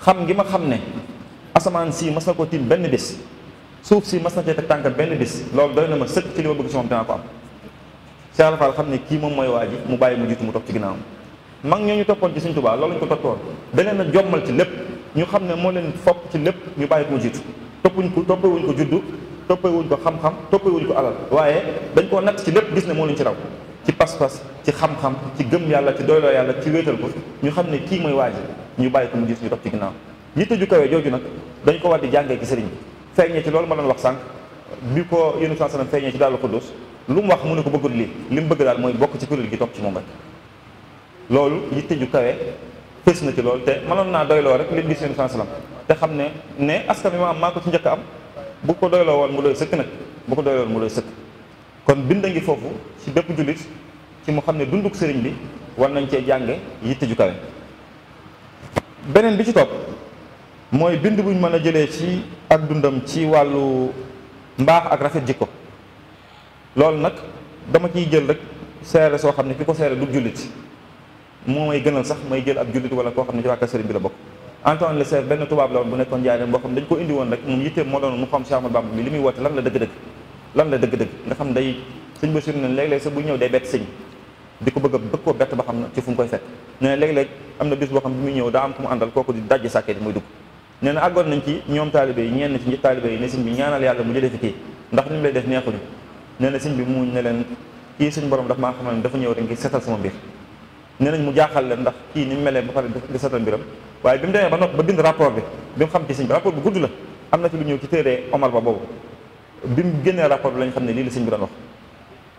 xam ngi ma xam ne asamaan sii ma sa ko tiim benn bis suuf si mas na cee teg tànk benn bis loolu doy na ma sëkk ci li ma bëgg ci moom dinaa ko am Cheikh Fall xam ne kii moom mooy waa ji mu bàyyi mu jiitu mu toog ci ginnaawam mag ñoo ñu toppoon ci Sëñ Tuubaa loolu ñu ko toppoon da leen a jommal ci lépp ñu xam ne moo leen fopp ci lépp ñu bàyyi ko jiitu toppuñ ko toppewuñ ko juddu toppewuñ ko xam-xam toppewuñ ko alal waaye dañ koo natt ci lépp gis ne moo leen ci raw ci pas-pas ci xam-xam ci gëm yàlla ci doyloo yàlla ci wéetal ko ñu xam ne kii mooy waa ji ñu bàyyi ko mu jiitu ñu topp ci ginnaaw yitte ju kawe jooju nag dañ ko war di jàngee ci sëriñ fee feeñee ci loolu ma doon wax sànq bi ko yénu feeñee ci daal ko dóos lu mu wax mu ne ko bëggul lii li mu bëgg daal mooy bokk ci kuréel gi topp ci moom rek loolu yitte ju kawe fës na ci loolu te mënoon naa doyloo rek leen di seen salaam te xam ne ne askan wi ma am maa ko ci njëkk am bu ko doyloo woon mu doy sëkk nag bu ko doyloo woon mu doy sëkk kon bind a ngi foofu ci bépp jullit ci mu xam ne dunduk sëriñ bi war nañ cee jànge yitte ju kawe beneen bi ci topp mooy bind buñ mën a jëlee ci ak dundam ci wàllu mbaax ak rafet jikko loolu nag dama ciy jël rek seere soo xam ne ki ko seere du jullit moo may gënal sax may jël ab jullit wala koo xam ne ci waa kër sëriñ bi la bokk Antoine Le Sèvre benn tubaab la woon bu nekkoon njaareen boo xam ne dañ ko indi woon rek moom yitteem moo doon mu xam Cheikh Ahmadou Bamba bi li muy woote lan la dëgg-dëgg lan la dëgg-dëgg nga xam day sëñ ba sur nen léeg-léeg sax bu ñëw day bett sëñ di ko bëgg a bëgg koo bett ba xam na ci fu mu koy fekk nee na léeg-léeg am na bis boo xam bi muy ñëw daa am ku mu àndal kooku di dajj sàkkee di muy dugg nee na àggoon nañ ci ñoom taalibé yi ñenn ci ñi taalibé yi ne sëñ bi ñaanal yàlla mu jëlee fi kii ndax ni mu lay def neexuñu nee na sëñ bi muñ ne leen kii suñ borom daf maa xamal ne dafa ñëw rek ngir setal sama mbir nee nañ mu jaaxal leen ndax kii ni mu melee ba pare di setal mbiram waaye bi mu demee ba noppi ba bind rapport bi bi mu xam ci sëñ bi rapport bi gudd la am na ci lu ñëw ci téere Omar Ba boobu bi mu génnee rapport bi lañ xam ne lii la siñ bi doon wax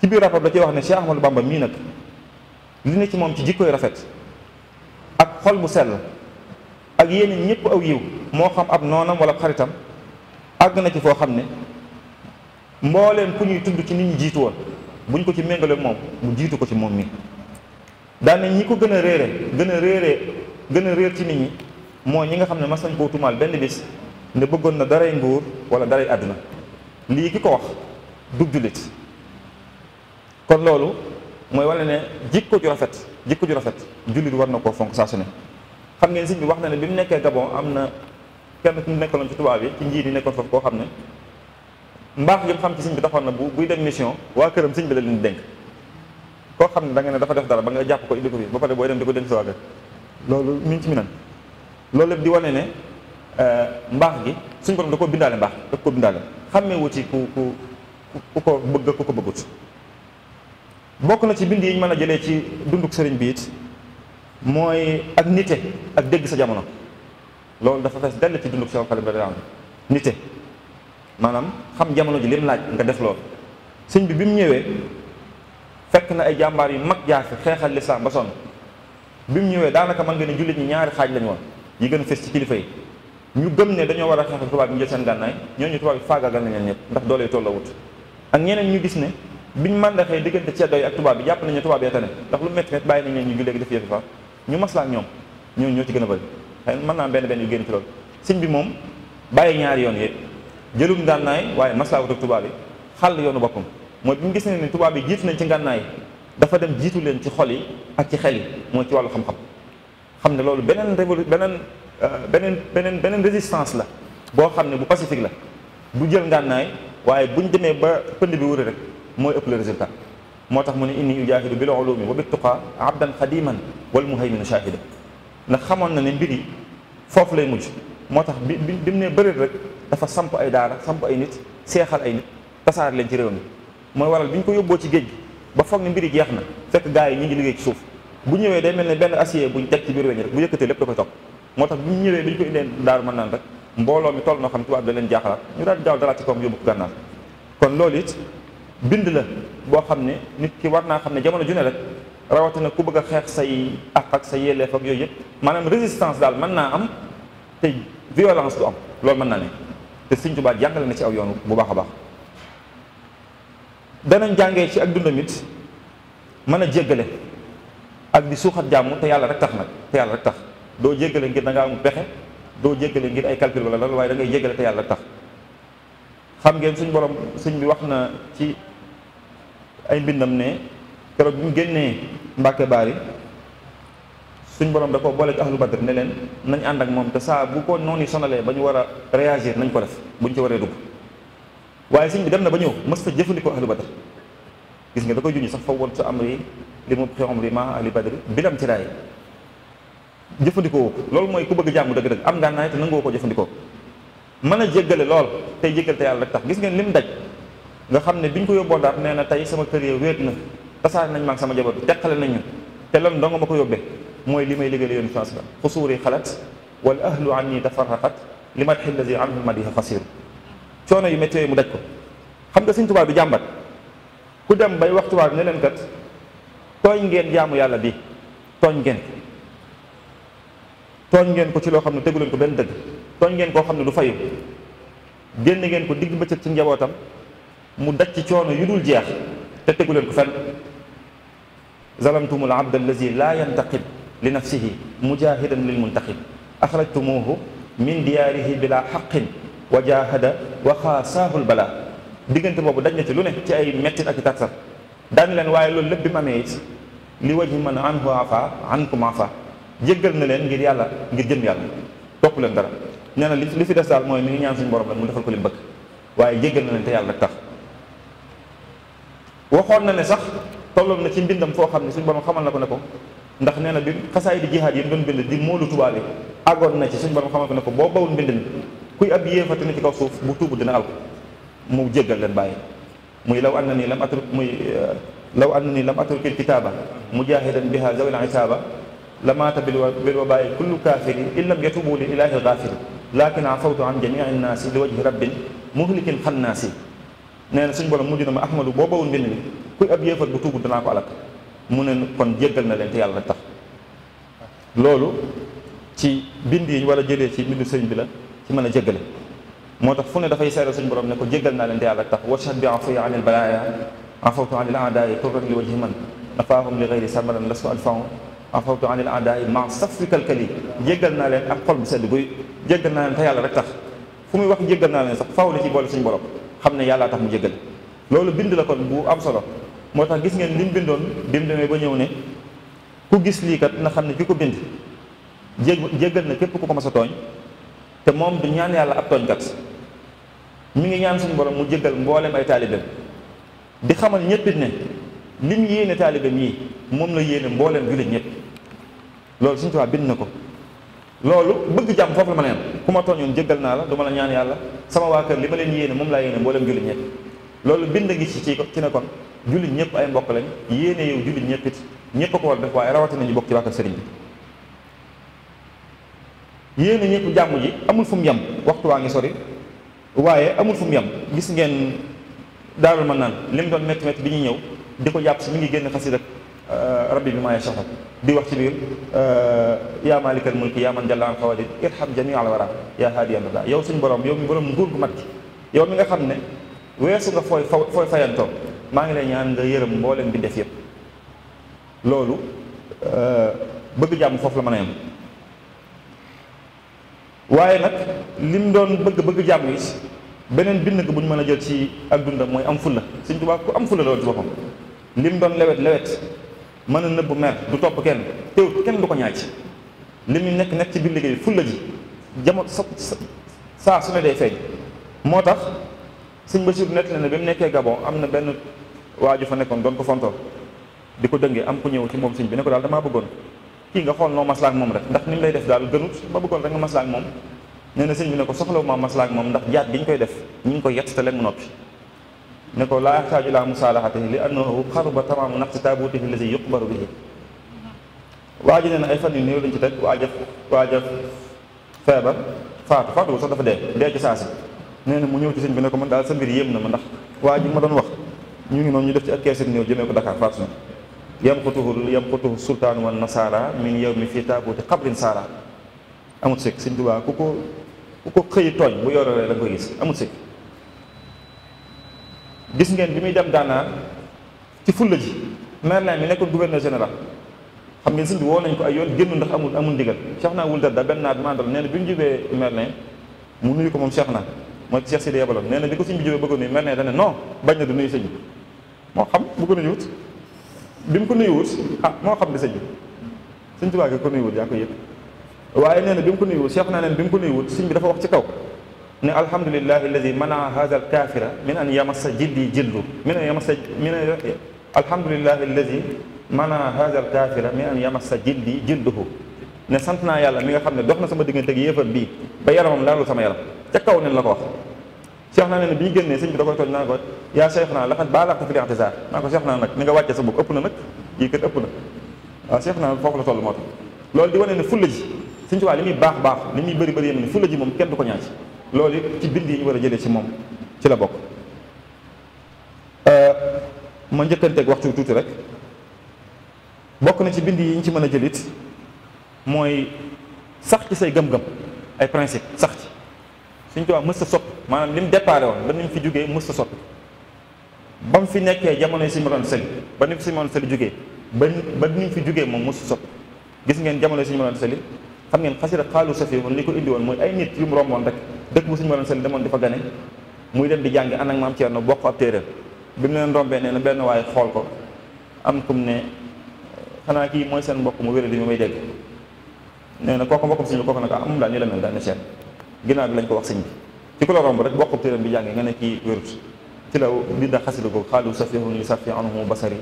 ci biir rapport bi da ciy wax ne Cheikh Ahmadou Bamba mii nag li ne ci moom ci jikkooy rafet ak xol bu sell ak yéen ñépp aw yiw moo xam ab noonam wala xaritam àgg na ci foo xam ne mbooleem ku ñuy tudd ci nit ñi jiitu woon buñ ko ci méngale moom mu jiitu ko ci moom mi daane ñi ko gën a réere gën a réere gën a réer ci nit ñi mooy ñi nga xam ne mas nañ koo tumaal benn bis ne bëggoon na daray nguur wala daray àddina lii ki ko wax dub jullit kon loolu mooy wane ne jikko ju rafet jikko ju rafet jullit war na koo fonk saa su ne xam ngeen sëñ bi wax na ne bi mu nekkee Gabon am na kenn ku nekkaloon ci tubaab yi ci njiit yi nekkoon foofu koo xam ne mbaax gi mu xam ci sëñ bi taxoon na bu buy dem mission waa këram sëñ bi la leen koo xam ne da nga ne dafa def dara ba nga jàpp ko indi ko fii ba pare booy dem di ko dénk sa waa kër loolu min ci minan loolu lépp di wane ne euh, mbaax gi suñ borom da koo bindaale mbaax da koo bindaale xammee wuti ku ku ku ko bëgg ku ko bëggut bokk na ci mbind yi man a jëlee ci dunduk sëriñ bi it mooy ak nite ak dégg sa jamono loolu dafa fees dell ci dunduk Cheikh Khadim Radiyallahu maanaam xam jamono ji lim laaj nga def lool sëñ bi bi mu ñëwee fekk na ay jàmbaar yu mag jaar fi xeexal lislaam ba sonn bi mu ñëwee daanaka mën nga ne jullit ñi ñaari xaaj lañu woon yi gën a fës ci kilifa yi ñu gëm ne dañoo war a xeexal tubaab yi jël seen gànnaay ñooñu tubaab yi faagaagal nañ leen ñëpp ndax doole yi tollawut ak ñeneen ñu gis ne biñ màndaxee diggante ceddo yi ak tubaab bi jàpp nañ ne tubaab yi tane ndax lu métti bàyyi nañ leen ñu jullee gi def yëfi fa ñu maslaa ak ñoom ñooñu ñoo ci gën a bëri xëy mën naa benn benn yu génn ci loolu sëñ bi moom bàyyi ñaari yoon yi jëlum gànnaay waaye maslaa wut ak tubaab yi xàll yoonu boppam mooy bi mu gis ni ne tubaab yi jiitu nañ ci ngànnaay dafa dem jiitu leen ci xol yi ak ci xel yi mooy ci wàllu xam-xam xam ne loolu beneen révolu beneen euh, beneen beneen beneen résistance la boo xam ne bu pacifique la du jël ngànnaay waaye buñ demee ba pënd bi wuri rek mooy ëpp le résultat moo tax mu ne yu inni ujaahidu bil ulumi wa bit tuqa abdan xadiman wal muhayminu shahida ndax xamoon na ne mbir yi foofu lay mujj moo tax bi bi mu nee bëri rek dafa samp ay daara samp ay nit seexal ay nit tasaar leen ci mooy waral bi ñu ko yóbboo ci géej gi ba foog ne mbiri jeex na fekk gars yi ñu ngi liggéey ci suuf bu ñëwee day mel ne benn acier buñ teg ci biir weñ rek bu yëkkatee lépp da koy topp moo tax bu ñu ñëwee bi ñu ko indee xam tubaab da leen ñu daal jaaw dara ci kawam yóbbu kon loolu it bind la boo xam ne nit ki war naa xam ne jamono ju ne rek rawatina ku bëgg a xeex say ak ak sa yelleef ak yooyu maanaam résistance daal mën naa am te violence du am loolu man naa ne te Sëñ Tuubaa jàngale na ci aw yoon bu baax a baax danañ jàngee ci ak dundam mën a jéggale ak di suuxat jàmm te yàlla rek tax nag te yàlla rek tax doo jéggale ngir da ngaa amul pexe doo jéggale ngir ay calcul la loolu waaye da ngay jéggale te yàlla rek tax xam ngeen suñ borom suñ bi wax na ci ay mbindam ne keroog bi mu génnee baar yi suñ borom da koo boole ci ahlu badr ne leen nañ ànd ak moom te saa bu ko noonu sonalee ba ñu war a réagir nañ ko def buñ ci waree dugg waaye sëñ bi dem na ba ñëw mës ta jëfandikoo ahlu badr gis nga da koy junj sax fa woon sa amri li mu xew amri ma ahli badri bilam ci raay jëfandikoo loolu mooy ku bëgg jàmm dëgg-dëgg am ngaa naay te nangoo ko jëfandikoo mën a jéggale lool tey jéggal te yàlla rek tax gis ngeen lim daj nga xam ne bi ñu ko yóbboo daat nee na tey sama kër yi wéet na tasaare nañ ma ak sama jabar bi teqale nañu te lan dong ma ko yóbbee mooy li may liggéey yoon France la xusuuri xalat wal ahlu an ni tafarraqat li matxi lazi anhu madiha xasiru coono yu métti mu daj ko xam nga sëñ Tuubaa du jàmbat ku dem bay wax tubaab ne leen kat tooñ ngeen jaamu yàlla bi tooñ ngeen ko tooñ ngeen ko ci loo xam ne tegu leen ko benn dëgg tooñ ngeen koo xam ne du fayu génn ngeen ko digg bëccëg ci njabootam mu daj ci coono yu dul jeex te tegu leen ko fenn zalamtumul abd allazi laa yantaqib li nafsihi mujahidan lil muntaqib axrajtumuhu min diyaarihi bila xaqin wa jaahada wa xaasaahul balaa diggante boobu daj na ci lu ne ci ay mettit ak i tartar daan leen waaye loolu lépp bi mu amee it li wajhi man anhu afa ankum afa jéggal na leen ngir yàlla ngir jëm yàlla topp leen dara nee na li fi des daal mooy mi ngi ñaan suñu borom la mu defal ko li mu bëgg waaye jéggal na leen te yàlla rek tax waxoon na ne sax tolloon na ci mbindam foo xam ne suñu borom xamal na ko ne ko ndax nee na bi xasaay di jihaad yi doon bind di moolu na ci suñu borom xamal ko ne ko boo bawul mbind kuy ab yéefar te ne ci kaw suuf bu tuubu dina alko mu jéggal leen bàyyi muy law anna nii lam atruk muy eh, law anna nii lam atrukil kitaaba mujahidan biha zawil isaaba lamaata bil wabaayi kullu kaafiri in lam yatubu li ilaahi gaafir laakin afawtu an jamii nnaasi li wajhi rabbin muhlikin xannaasi nee na suñ borom mu na ma ahmadu boo bawul mbind mi kuy ab yéefar bu tuubu danaa ko alak mu ne kon jéggal na leen te yàlla rek tax loolu ci bind yi wala jëlee ci mbindu sëriñ bi la ci mën a jéggale moo tax fu ne dafay seeral suñu borom ne ko jéggal naa leen te yàlla tax washhad bi afuya anil balaaya afawtu anil aadaai turran li wajhi man nafaahum li gayri samaran lastu alfaw afawtu anil aadaai ma safrikal kali jéggal naa leen ak xol bu sedd guy jéggal naa leen te yàlla rek tax fu muy wax jéggal naa leen sax faaw da ci boole suñu borom xam ne yàllaa tax mu jéggal loolu bind la kon bu am solo moo tax gis ngeen li mu bindoon bi mu demee ba ñëw ne ku gis lii kat na xam ne ki ko bind jég jéggal na képp ku ko mas a tooñ te moom du ñaan yàlla ab tooñkat mi ngi ñaan suñu borom mu jëggal mboolem ay taalibeem di xamal ñëpp it ne li mu yéene taalibeem yi moom la yéene mboolem jullit ñëpp loolu suñu tubaab bind na ko. loolu bëgg jàmm foofu la ma neen ku ma tooñoon jéggal naa la du ñaan yàlla sama waa kër li ma leen yéene moom laa yéene mboolem jullit ñëpp bind ngi ci ci ci ne kon jullit ñëpp ay mbokk lañ yéene yow jullit ñëpp it ñëpp a ko war def waaye rawatina ñu bokk ci waa kër sëriñ bi. yéen a ñëpp jàmm ji amul fu mu yem waxtu waa ngi sori waaye amul fu mu yem gis ngeen daarul ma naan li mu doon métti métti bi ñu ñëw di ko jàpp si mi ngi génn xasi rek euh, rabbi bi maaye soxal di wax ci biir euh, yaa maalikal mulki yaa man jalla an xawadin irham jami al wara yaa haadiyan da yow suñu borom yow mi borom nguur gu mat yow mi nga xam ne weesu nga fooy fooy fayantoo maa ngi lay ñaan nga yërëm mboolem bi def yëpp loolu euh, bëgg jàmm foofu la mën a yam waaye nag lim doon bëgg-bëgg jàmm yi beneen bind ko bu ñu mën a jël ci ak dundam mooy am fulla Sëñ Tuubaa ku am fulla la woon ci boppam lim doon lewet lewet mën a nëbb mer du topp kenn teewut kenn du ko ñaaj li mu nekk nekk ci biir liggéey fulla ji jamono sa saa su ne day feeñ moo tax Sëñ Basiru nekk ne ba mu nekkee Gabon am na benn waaju fa nekkoon doon ko fontoo di ko dëngee ñëw ci moom sëñ bi ko daal damaa bëggoon li nga xool noo maslaa ak moom rek ndax ni lay def daal gënut ma bëggoon rek nga maslaa moom nee na bi ne ko soxlawu ma maslaa ak moom ndax jaat gi ñu koy def ñu ko koy yett te leen mu ne ko laa axtaaju laa musaalahatihi li annahu xaruba tamaamu naqsi taabutihi lazi yuqbaru bihi waa ji nee na ay fan yu néew lañ ci teg waaja waaja feebar faatu faatu sax dafa dee dee saa si nee na mu ñëw ci sëñ bi ne ko man daal sa mbir yéem na ma ndax waa ji ma doon wax ñu ngi noonu ñu def ci ak keesit néew jëmee ko Dakar faatu na yamqutuhu yamqutuhu sultaan wa nasaara min yawmi fii taabuuti xabrin saara amut sikk sëñ Tuubaa ku ko ku ko xëy tooñ bu yororee da nga koy gis amut sikk gis ngeen bi muy dem daanaa ci fulla ji Merlin mi nekkoon général xam ngeen sëñ woo nañ ko ay yoon génn ndax amul amul ndigal Cheikh naa wul da benn naa bi mandal nee na bi mu jubee Merlin mu nuyu ko moom Cheikh naa mooy Cheikh si di yebaloon nee na bi ko sëñ bi jubee bëggoon nuyu Merlin dane non bañ na du nuyu sëñ moo xam bëgg nañu wut bi mu ko nuyuwut ah moo xam ne sëñ bi sëñ Tuubaa gi ko nuyuwut yaa ko yëg waaye nee na bi mu ko nuyuwut Cheikh naa neen bi mu ko nuyuwut sëñ bi dafa wax ci kaw ne alhamdulilahi alladi manaa hada alkafira min an yamassa jildi jildu min an yamassa min an alhamdulilahi alladi manaa hada alkafira min an yamassa jildi jilduhu ne sant naa yàlla mi nga xam ne dox na sama diggante ak yéefar bii ba yaramam laalul sama yaram ca kaw nen la ko wax Cheikh naa ne bi ñu génnee sëñ bi da koy tooñ naa ko yaa Cheikh naa laxat baa laxta fi li ixtisaar naa ko Cheikh naa nag ni nga wàcce sa bopp ëpp na nag yii kat ëpp na waaw Cheikh naa foofu la toll moo tax loolu di wane ne fulla ji su Tuubaa li muy baax baax li muy bëri bëri yéen ne fulla ji moom kenn du ko ñaaj loolu ci bind yi ñu war a jëlee ci moom ci la bokk euh, ma njëkkanteeg waxtu tuuti rek bokk na ci bind yi ñu ci mën a jëlit mooy sax ci say gëm-gëm ay principe sax ci suñ tubaab mës a soppi maanaam li mu déparé woon ba ni mu fi jógee mës a soppi ba mu fi nekkee jamono si suñu moroon sëli ba ni fi suñu moroon sëli jógee ba ba ni mu fi jógee moom mës a gis ngeen jamono yi suñu moroon sëli xam ngeen xasida xaalu safi woon li ko indi woon mooy ay nit yu mu romboon rek dëkk bu suñu moroon sëli demoon di fa gane muy dem di jàngi ànd ak maam Thierno bokk ab téeréem bi mu leen rombee nee na benn waaye xool ko am kum ne xanaa kii mooy seen mbokk mu wéré di ñu may dégg nee na kooku mbokkum suñu kooku nag amum ah, daal ñu la mel daal ginnaaw bi lañ ko wax sëñ bi ci ku la romb rek bokkub téeram bi jàngee nga ne kii wérut ci la binda xasida ko li safi anhu basari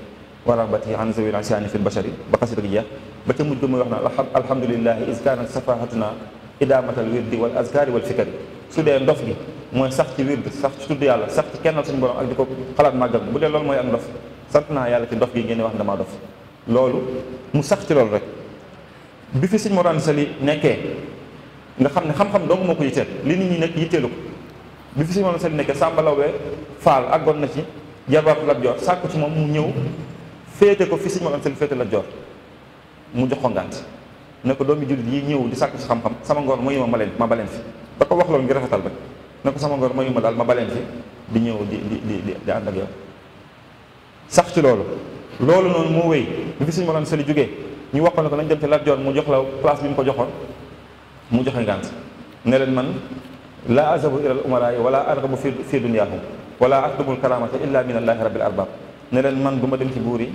wa rahbati an zawil asiani fi lbashari ba xasida ko jeex ba ca mujj muy wax na alhamdulilahi is kaanat su dee ndof gi mooy sax ci wird sax ci tudd yàlla sax ci kennal suñu borom ak di ko xalaat màggal bu dee loolu mooy ak ndof sant naa yàlla ci ndof gi ngeen wax damaa dof loolu mu sax ci rek bi fi sëñ Mor Anta Sali nekkee nga xam ne xam-xam dong moo ko yitteel li nit ñi nekk yitteelu ko bi fi si moom seen nekk Samba Lawbe Fall àggoon na ci jarbaatu Lat Joor sàkku ci moom mu ñëw féete ko fi si moom seen féete Lat Joor mu jox ko ngànt ne ko doomi jullit yi ñëw di sàkku ci sama ngoor mooy ma ma leen ma baleen fi da ko wax loolu ngir rafetal rek ne ko sama ngoor mooy ma daal ma baleen fi di ñëw di di di di ànd ak yow sax ci loolu loolu noonu moo wéy bi fi si moom seen jógee ñu wax ko ne ko nañ dem ci Lat Joor mu jox la place bi mu ko joxoon mu joxe ngànt ne leen man laa azabu ila al umaraay wala argabu fi fi dunyaahum wala atlubul karamata illa min allahi rabbil arbab ne leen man du ma dem ci buur yi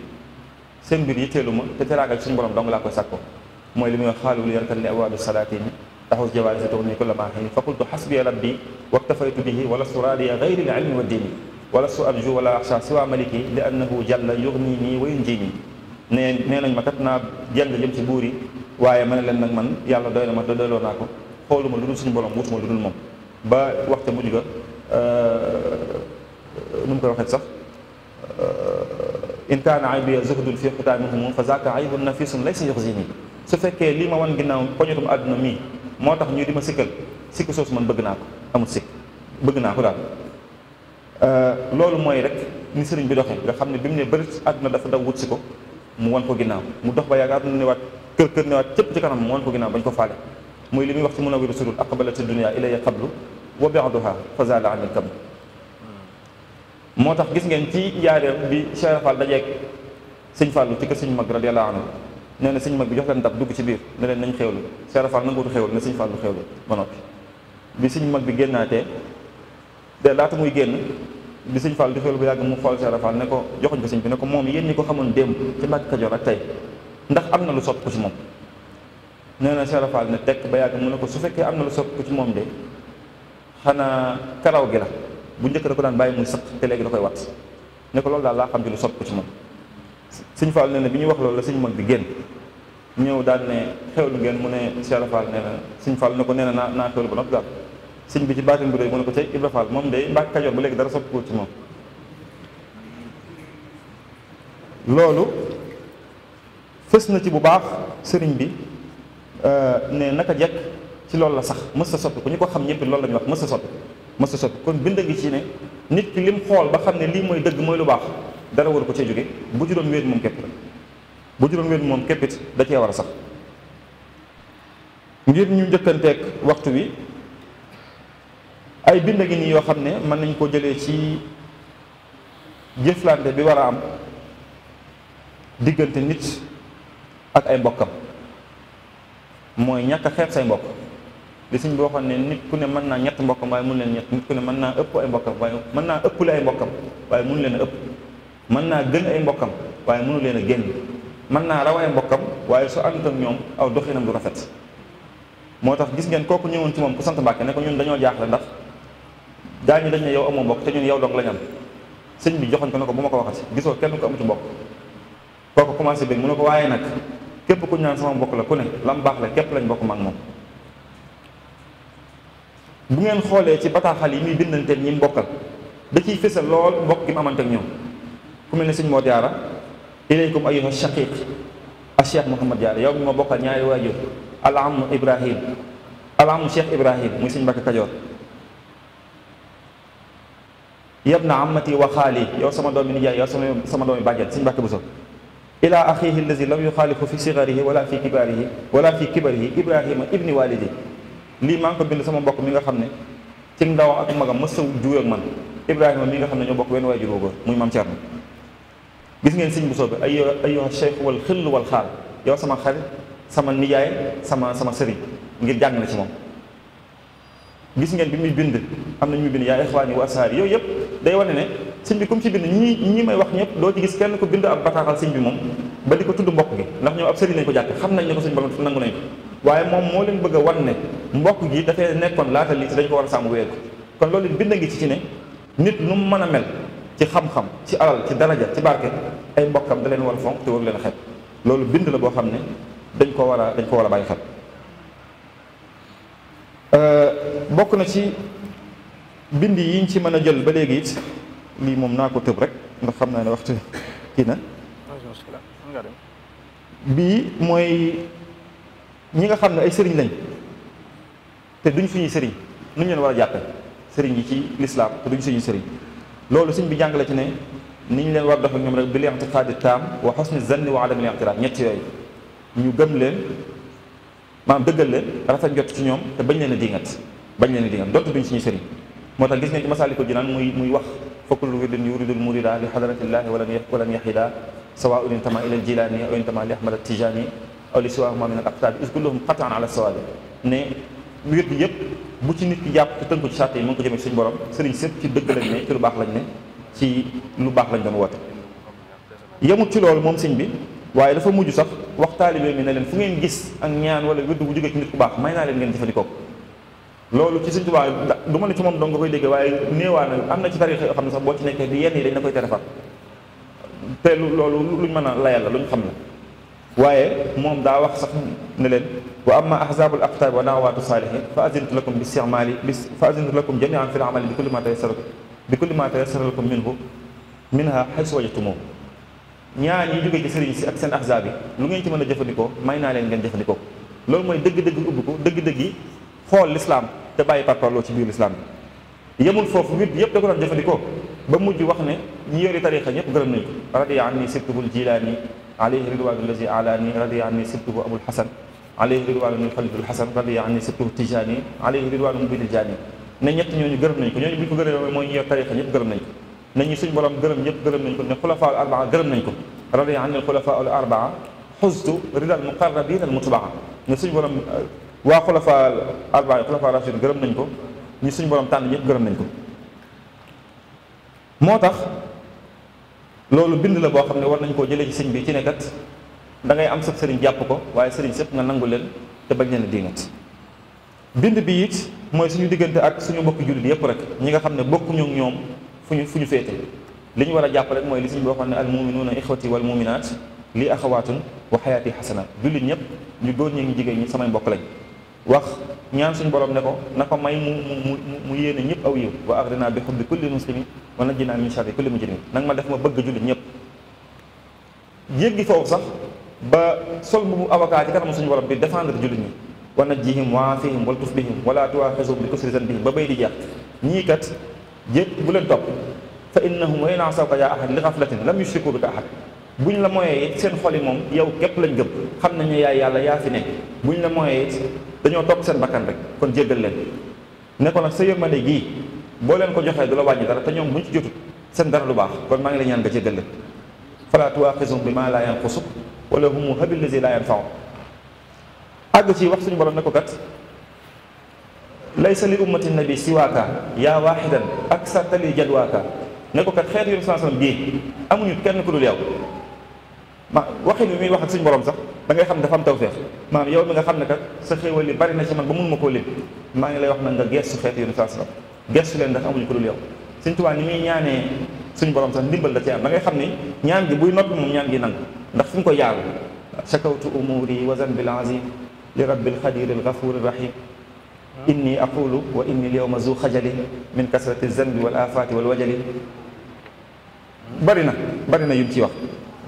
seen mbir yitteelu ma te teraagal suñu borom dong laa koy sàkko mooy li muy xaalu li yantal ni awaabi salaatin taxus jawaani si toog ni kulla maa xin fa qultu xasbiya rabbi waktafaytu bihi wala suraadiya gayri l ilmi wa diini wala su arju wala axsa siwa maliki li annahu jalla yugnii nii wa yunjii nii nee nee nañ ma kat naa jàng jëm ci buur yi waaye ma ne leen nag man yàlla doy na ma doyloo naa ko xooluma lu dul suñu borom wutuma lu dul moom ba waxta mujj ga euh, nu mu koy waxee sax euh, in kaana aybiya zuhdun fi xutaamihum fa zaaka aybun nafisun laysa yuxzini su fekkee lii ma wan ginnaaw poñatum àdduna mii moo tax ñu di ma sikkal sikk soosu man bëgg naa ko amul sikk bëgg naa ko daal euh, loolu mooy rek ni sëriñ bi doxee nga xam ne bi mu ne bërit àdduna dafa daw wut si ko mu wan ko ginnaaw mu dox ba yàgg àdduna kër kër newaat cëpp ci kanam moon ko ginnaaw bañ ko faale muy li muy wax ci mun a wiru surul aqbalati dunia ilaya qablu wa baaduha fazala anil kablu moo tax gis ngeen ci njaareem bi Cheikh Fall sëñ Fallu ci kër sëñ mag radiyallahu anhu nee na sëñ mag bi jox leen dab dugg ci biir ne leen nañ xewlu Cheikh Fall nanguutu xewlu ne sëñ Fallu xewlu ba noppi bi sëñ mag bi génnaatee de laata muy génn bi sëñ Fall di xewlu bu yàgg mu xool Cheikh Fall ne ko joxuñ ko sëñ bi ne ko moom yéen ñi ko xamoon démb ci Mbàkke Kajoor ak tey ndax am na lu soppiku ci moom nee na Cheikh ne tekk ba yàgg mu ne ko su fekkee am na lu soppiku ci moom de xanaa karaw gi la bu njëkk da ko daan bàyyi mu sëq te léegi da koy wat ne ko loolu daal laa xam ci lu soppiku ci moom sëñ Fall nee na bi ñuy wax loolu sëñ mag bi génn ñëw daal ne xewlu ngeen mu ne Cheikh Fall nee na sëñ Fall ne ko nee na naa naa xewlu ba noppi daal sëñ bi ci baatin bi doy mu ne ko tey Ibra Fall moom de Mbàkke Kajoor ba léegi dara soppiku ci moom loolu fës na ci bu baax sëriñ bi euh, ne naka jekk ci loolu la sax mës ta ku ñu ko xam ñëpp lool la ñuy wax mës ta soppi mës ta soppi kon bind ngi ci ne nit ki lim xool ba xam ne lii mooy dëgg mooy lu baax dara war ko cee jóge bu juróom wéet moom képp la bu juróom wéet moom képpit da war a sax ngir ñu njëkkanteeg waxtu wi ay bind ngi nii yoo xam ne mën nañ ko jëlee ci jëflante bi war a am diggante nit ak ay mbokkam mooy ñàkk a xeeb say mbokk li suñ bi waxoon ne nit ku ne mën naa ñett mbokkam waaye mun leen ñett mën naa ëpp ay mbokkam waaye mën naa ëppale ay mbokkam waaye mun leen ëpp mën naa gën ay mbokkam waaye mënu leen a génn mën naa raw ay mbokkam waaye su àndut ak ñoom aw doxinam du rafet moo tax gis ngeen kooku ñëwoon ci moom ku sant Mbàkke ne ko ñun dañoo jaaxle ndax gaa ñi dañ ne yow amoo mbokk te ñun yow dong lañ am sëñ bi joxoñ ko ne ko bu ma ko waxati gisoo kenn ko am ci mbokk kooku commencé nag képp ku ñu naan sama mbokk la ku ne lam baax la képp lañ bokk ma ak moom bu ngeen xoolee ci bataaxal yi muy bindante ñi mbokkal da ciy fésal lool mbokk gi mu amante ak ñoom ku mel ne suñ moo jaara ilaykum ayyuha shaqiq a cheikh mouhamad jaara yow mi ma bokkal ñaari waajur al amu ibrahim al amu cheikh ibrahim muy sëñ Mbàkke Kajoor yab na amati wa xaali yow sama doomi nijaay yow sama sama doomi bàjjen sëñ Mbàkke Buso ila axihi allazi lam yuxaalifu fi sigarihi wala fi kibaarihi wala fi kibarihi ibrahima ibni walidi lii maa ngi ko bind sama mbokk mi nga xam ne ci ndawam ak magam ma juuy ak man ibrahima mi nga xam ne ñoo bokk benn waajur wu góor muy maam Cerno gis ngeen siñ bu soobe ay ayoha cheikh wal xill wal xaal yow sama xarit sama nijaay sama sama sëriñ ngir jàng na ci moom gis ngeen bi muy bind am na ñu bind yaa ixwaani wa asaari yooyu yëpp day wane ne sëñ bi comme ci bind ñi ñi may wax ñëpp doo ci gis kenn ko bind ab bataaxal sëñ bi moom ba ko tudd mbokk gi ndax ñoom ab sëriñ lañ ko jàpp xam ko sëñ borom waaye moom moo leen bëgg a mbokk gi dafay nekkoon laata lii si war a sàmm wéer ko kon loolu bind ngi ci ci nit lu mën a mel ci xam ci alal ci daraja ci barke ay mbokkam da leen war a fonk te war leen a loolu bind la boo xam ne dañ ko war a dañ ko war a bàyyi xel euh, bokk na ci bind yiñ ci mën a jël ba léegi it lii moom naa ko tëb rek nga xam naa ne waxtu kii na bii mooy ñi nga xam ne ay sëriñ lañ te duñ suñuy sëriñ nu ñu leen war a jàppe sëriñ yi ci lislaam te duñ suñuy sëriñ loolu suñ bi jàngale ci ne ni ñu leen war dox ak ñoom rek bil i'tiqaadi taam wa husni zanni wa adamil i'tiraad ñett yooyu ñu gëm leen maanaam dëggal leen rafet jot ci ñoom te bañ leen a dingat bañ leen a dingat donte duñ suñuy sëriñ moo tax gis ngeen ci Masaalikul Jinaan muy muy wax fa kullu wirdin yuridul murida li xadratillahi walan walan yaxida sawaun intama ila aljilani aw intama li ahmad atijani aw li siwahuma min al aqtaabi is kulluhum qatan ala sawaabi ne wird yëpp bu ci nit ki jàpp te tënku ci sàtte yi mu ngi ko jëmee suñu borom sëriñ sëpp ci dëgg lu baax la ne ci lu baax lañ doon woote yemut ci loolu moom sëñ bi waaye dafa mujj sax wax taalibe mi ne leen fu ngeen gis ak ñaan wala wird bu jógee ci nit baax may naa leen ngeen jëfandikoo loolu ci Sëriñ Tuubaa du ma ne ci moom dong nga koy déggee waaye néewaa am na ci tariixa yoo xam ne sax boo ci nekkee di yenn yi dañ la koy tere te loolu luñ mën a layal la luñ xam ne waaye moom daa wax sax ne leen wa amma ahzabul aqtaab wa daawaatu saalihin fa azintu lakum bi isticmaali bi fa azintu lakum jamian fi lamali bi kulli ma tayassara bi kulli ma tayassara lakum minhu minha haysu wajadtumuuh ñaan yi jógee ci sëriñ si ak seen ahzaab yi lu ngeen ci mën a jëfandikoo may naa leen ngeen jëfandikoo loolu mooy dëgg-dëgg ubbi ko dëgg-dëgg yi xool lislaam te bàyyi parparloo ci biir lislaam bi yemul foofu wird yëpp da ko doon jëfandikoo ba mujj wax ne ñi yori tarixa ñëpp gërëm nañ ko radiya anni sibtuhul jilaani alayhi ridwaanu allazi alaani radiya anni sibtuhu abul xasan alayhi ridwaanu xalidul xasan radiya anni sibtuhu tijaani alayhi ridwaanu bi tijaani ne ñett ñooñu gërëm nañ ko ñooñu bu ñu ko gërëm mooy ñi yor tarixa ñëpp gërëm nañ ko ne ñi suñ borom gërëm ñëpp gërëm nañ ko ne xulafa al arbaa gërëm nañ ko radiya anni xulafa al arbaa xustu ridal muqarrabin al mutbaa ne suñ borom waa xulafa arbaa xulafa rashid gërëm nañ ko ñi suñu borom tànn ñëpp gërëm nañ ko moo tax loolu bind la boo xam ne war nañ koo jëlee ci sëñ bi ci nekkat da ngay am sab sëriñ jàpp ko waaye sëriñ sëpp nga nangu leen te bañ leen diinat bind bi it mooy suñu diggante ak suñu mbokki jullit yépp rek ñi nga xam ne bokkuñu ak ñoom fu ñu fu ñu féete li ñu war a jàpp rek mooy li suñ boo xam ne al muminuuna ixwati wal muminaat lii axawaatun wa xayaati xasanaat jullit ñëpp ñu góor ñi ngi jigéen ñi samay mbokk lañ wax ñaan suñu borom ne ko na ko may mu mu mu yéene ñëpp aw yiw wa aghnina bi hubbi kulli muslimin wa najjina min sharri kulli mujrimin nag ma def ma bëgg jullit ñëpp yéggi foofu sax ba sol bu avocat ci kanam suñu borom bi défendre jullit ñi wa najjihim wa aafihim wal tuf bihim wala tuaxisum bi kusri zanbihim ba bay di jeex ñii kat jéeg bu leen topp fa innahum wa in ko yaa ahad li xaflatin lam yushriku bika ahad buñ la moyee seen xol yi moom yow képp lañ gëm xam nañu yaay yàlla yaa fi nekk buñ la moyee it dañoo topp seen bakkan rek kon jéggal leen ne ko nag sa ma léegi boo leen ko joxee du la wàññi dara te ñoom buñ ci jotut seen dara lu baax kon maa ngi la ñaan nga jéggal leen fala tuwaaxisum bi maa laa yanqusuk wala humu habil lazi laa yanfaw àgg ci wax suñu borom ne ko kat laysa li ummati nabi siwaaka yaa waaxidan ak sartali jadwaaka ne ko kat xeetu yoon sansom bii amuñu kenn ku dul yow ma waxin bi muy wax ak suñu boroom sax da xam ne dafa am tawféex yow mi nga xam ne kat sa xéewal li bari na ci man ba mun ma koo lim maa ngi lay wax nag nga gestu xeet yéen saa sallam gestu leen ndax amuñu ko dul yow Sëñ Tuubaa ni muy ñaanee suñu borom sax ndimbal da ci am da ngay xam ni ñaan gi buy noppi moom ñaan gi nangu ndax fi mu ko yaaru shakawtu umuri wa zanbil azim li rabbil xadir al gafur rahim inni aqulu wa inni al yawma zu xajali min kasrati zanbi wal afati wal wajali bari na bari na yuñ ciy wax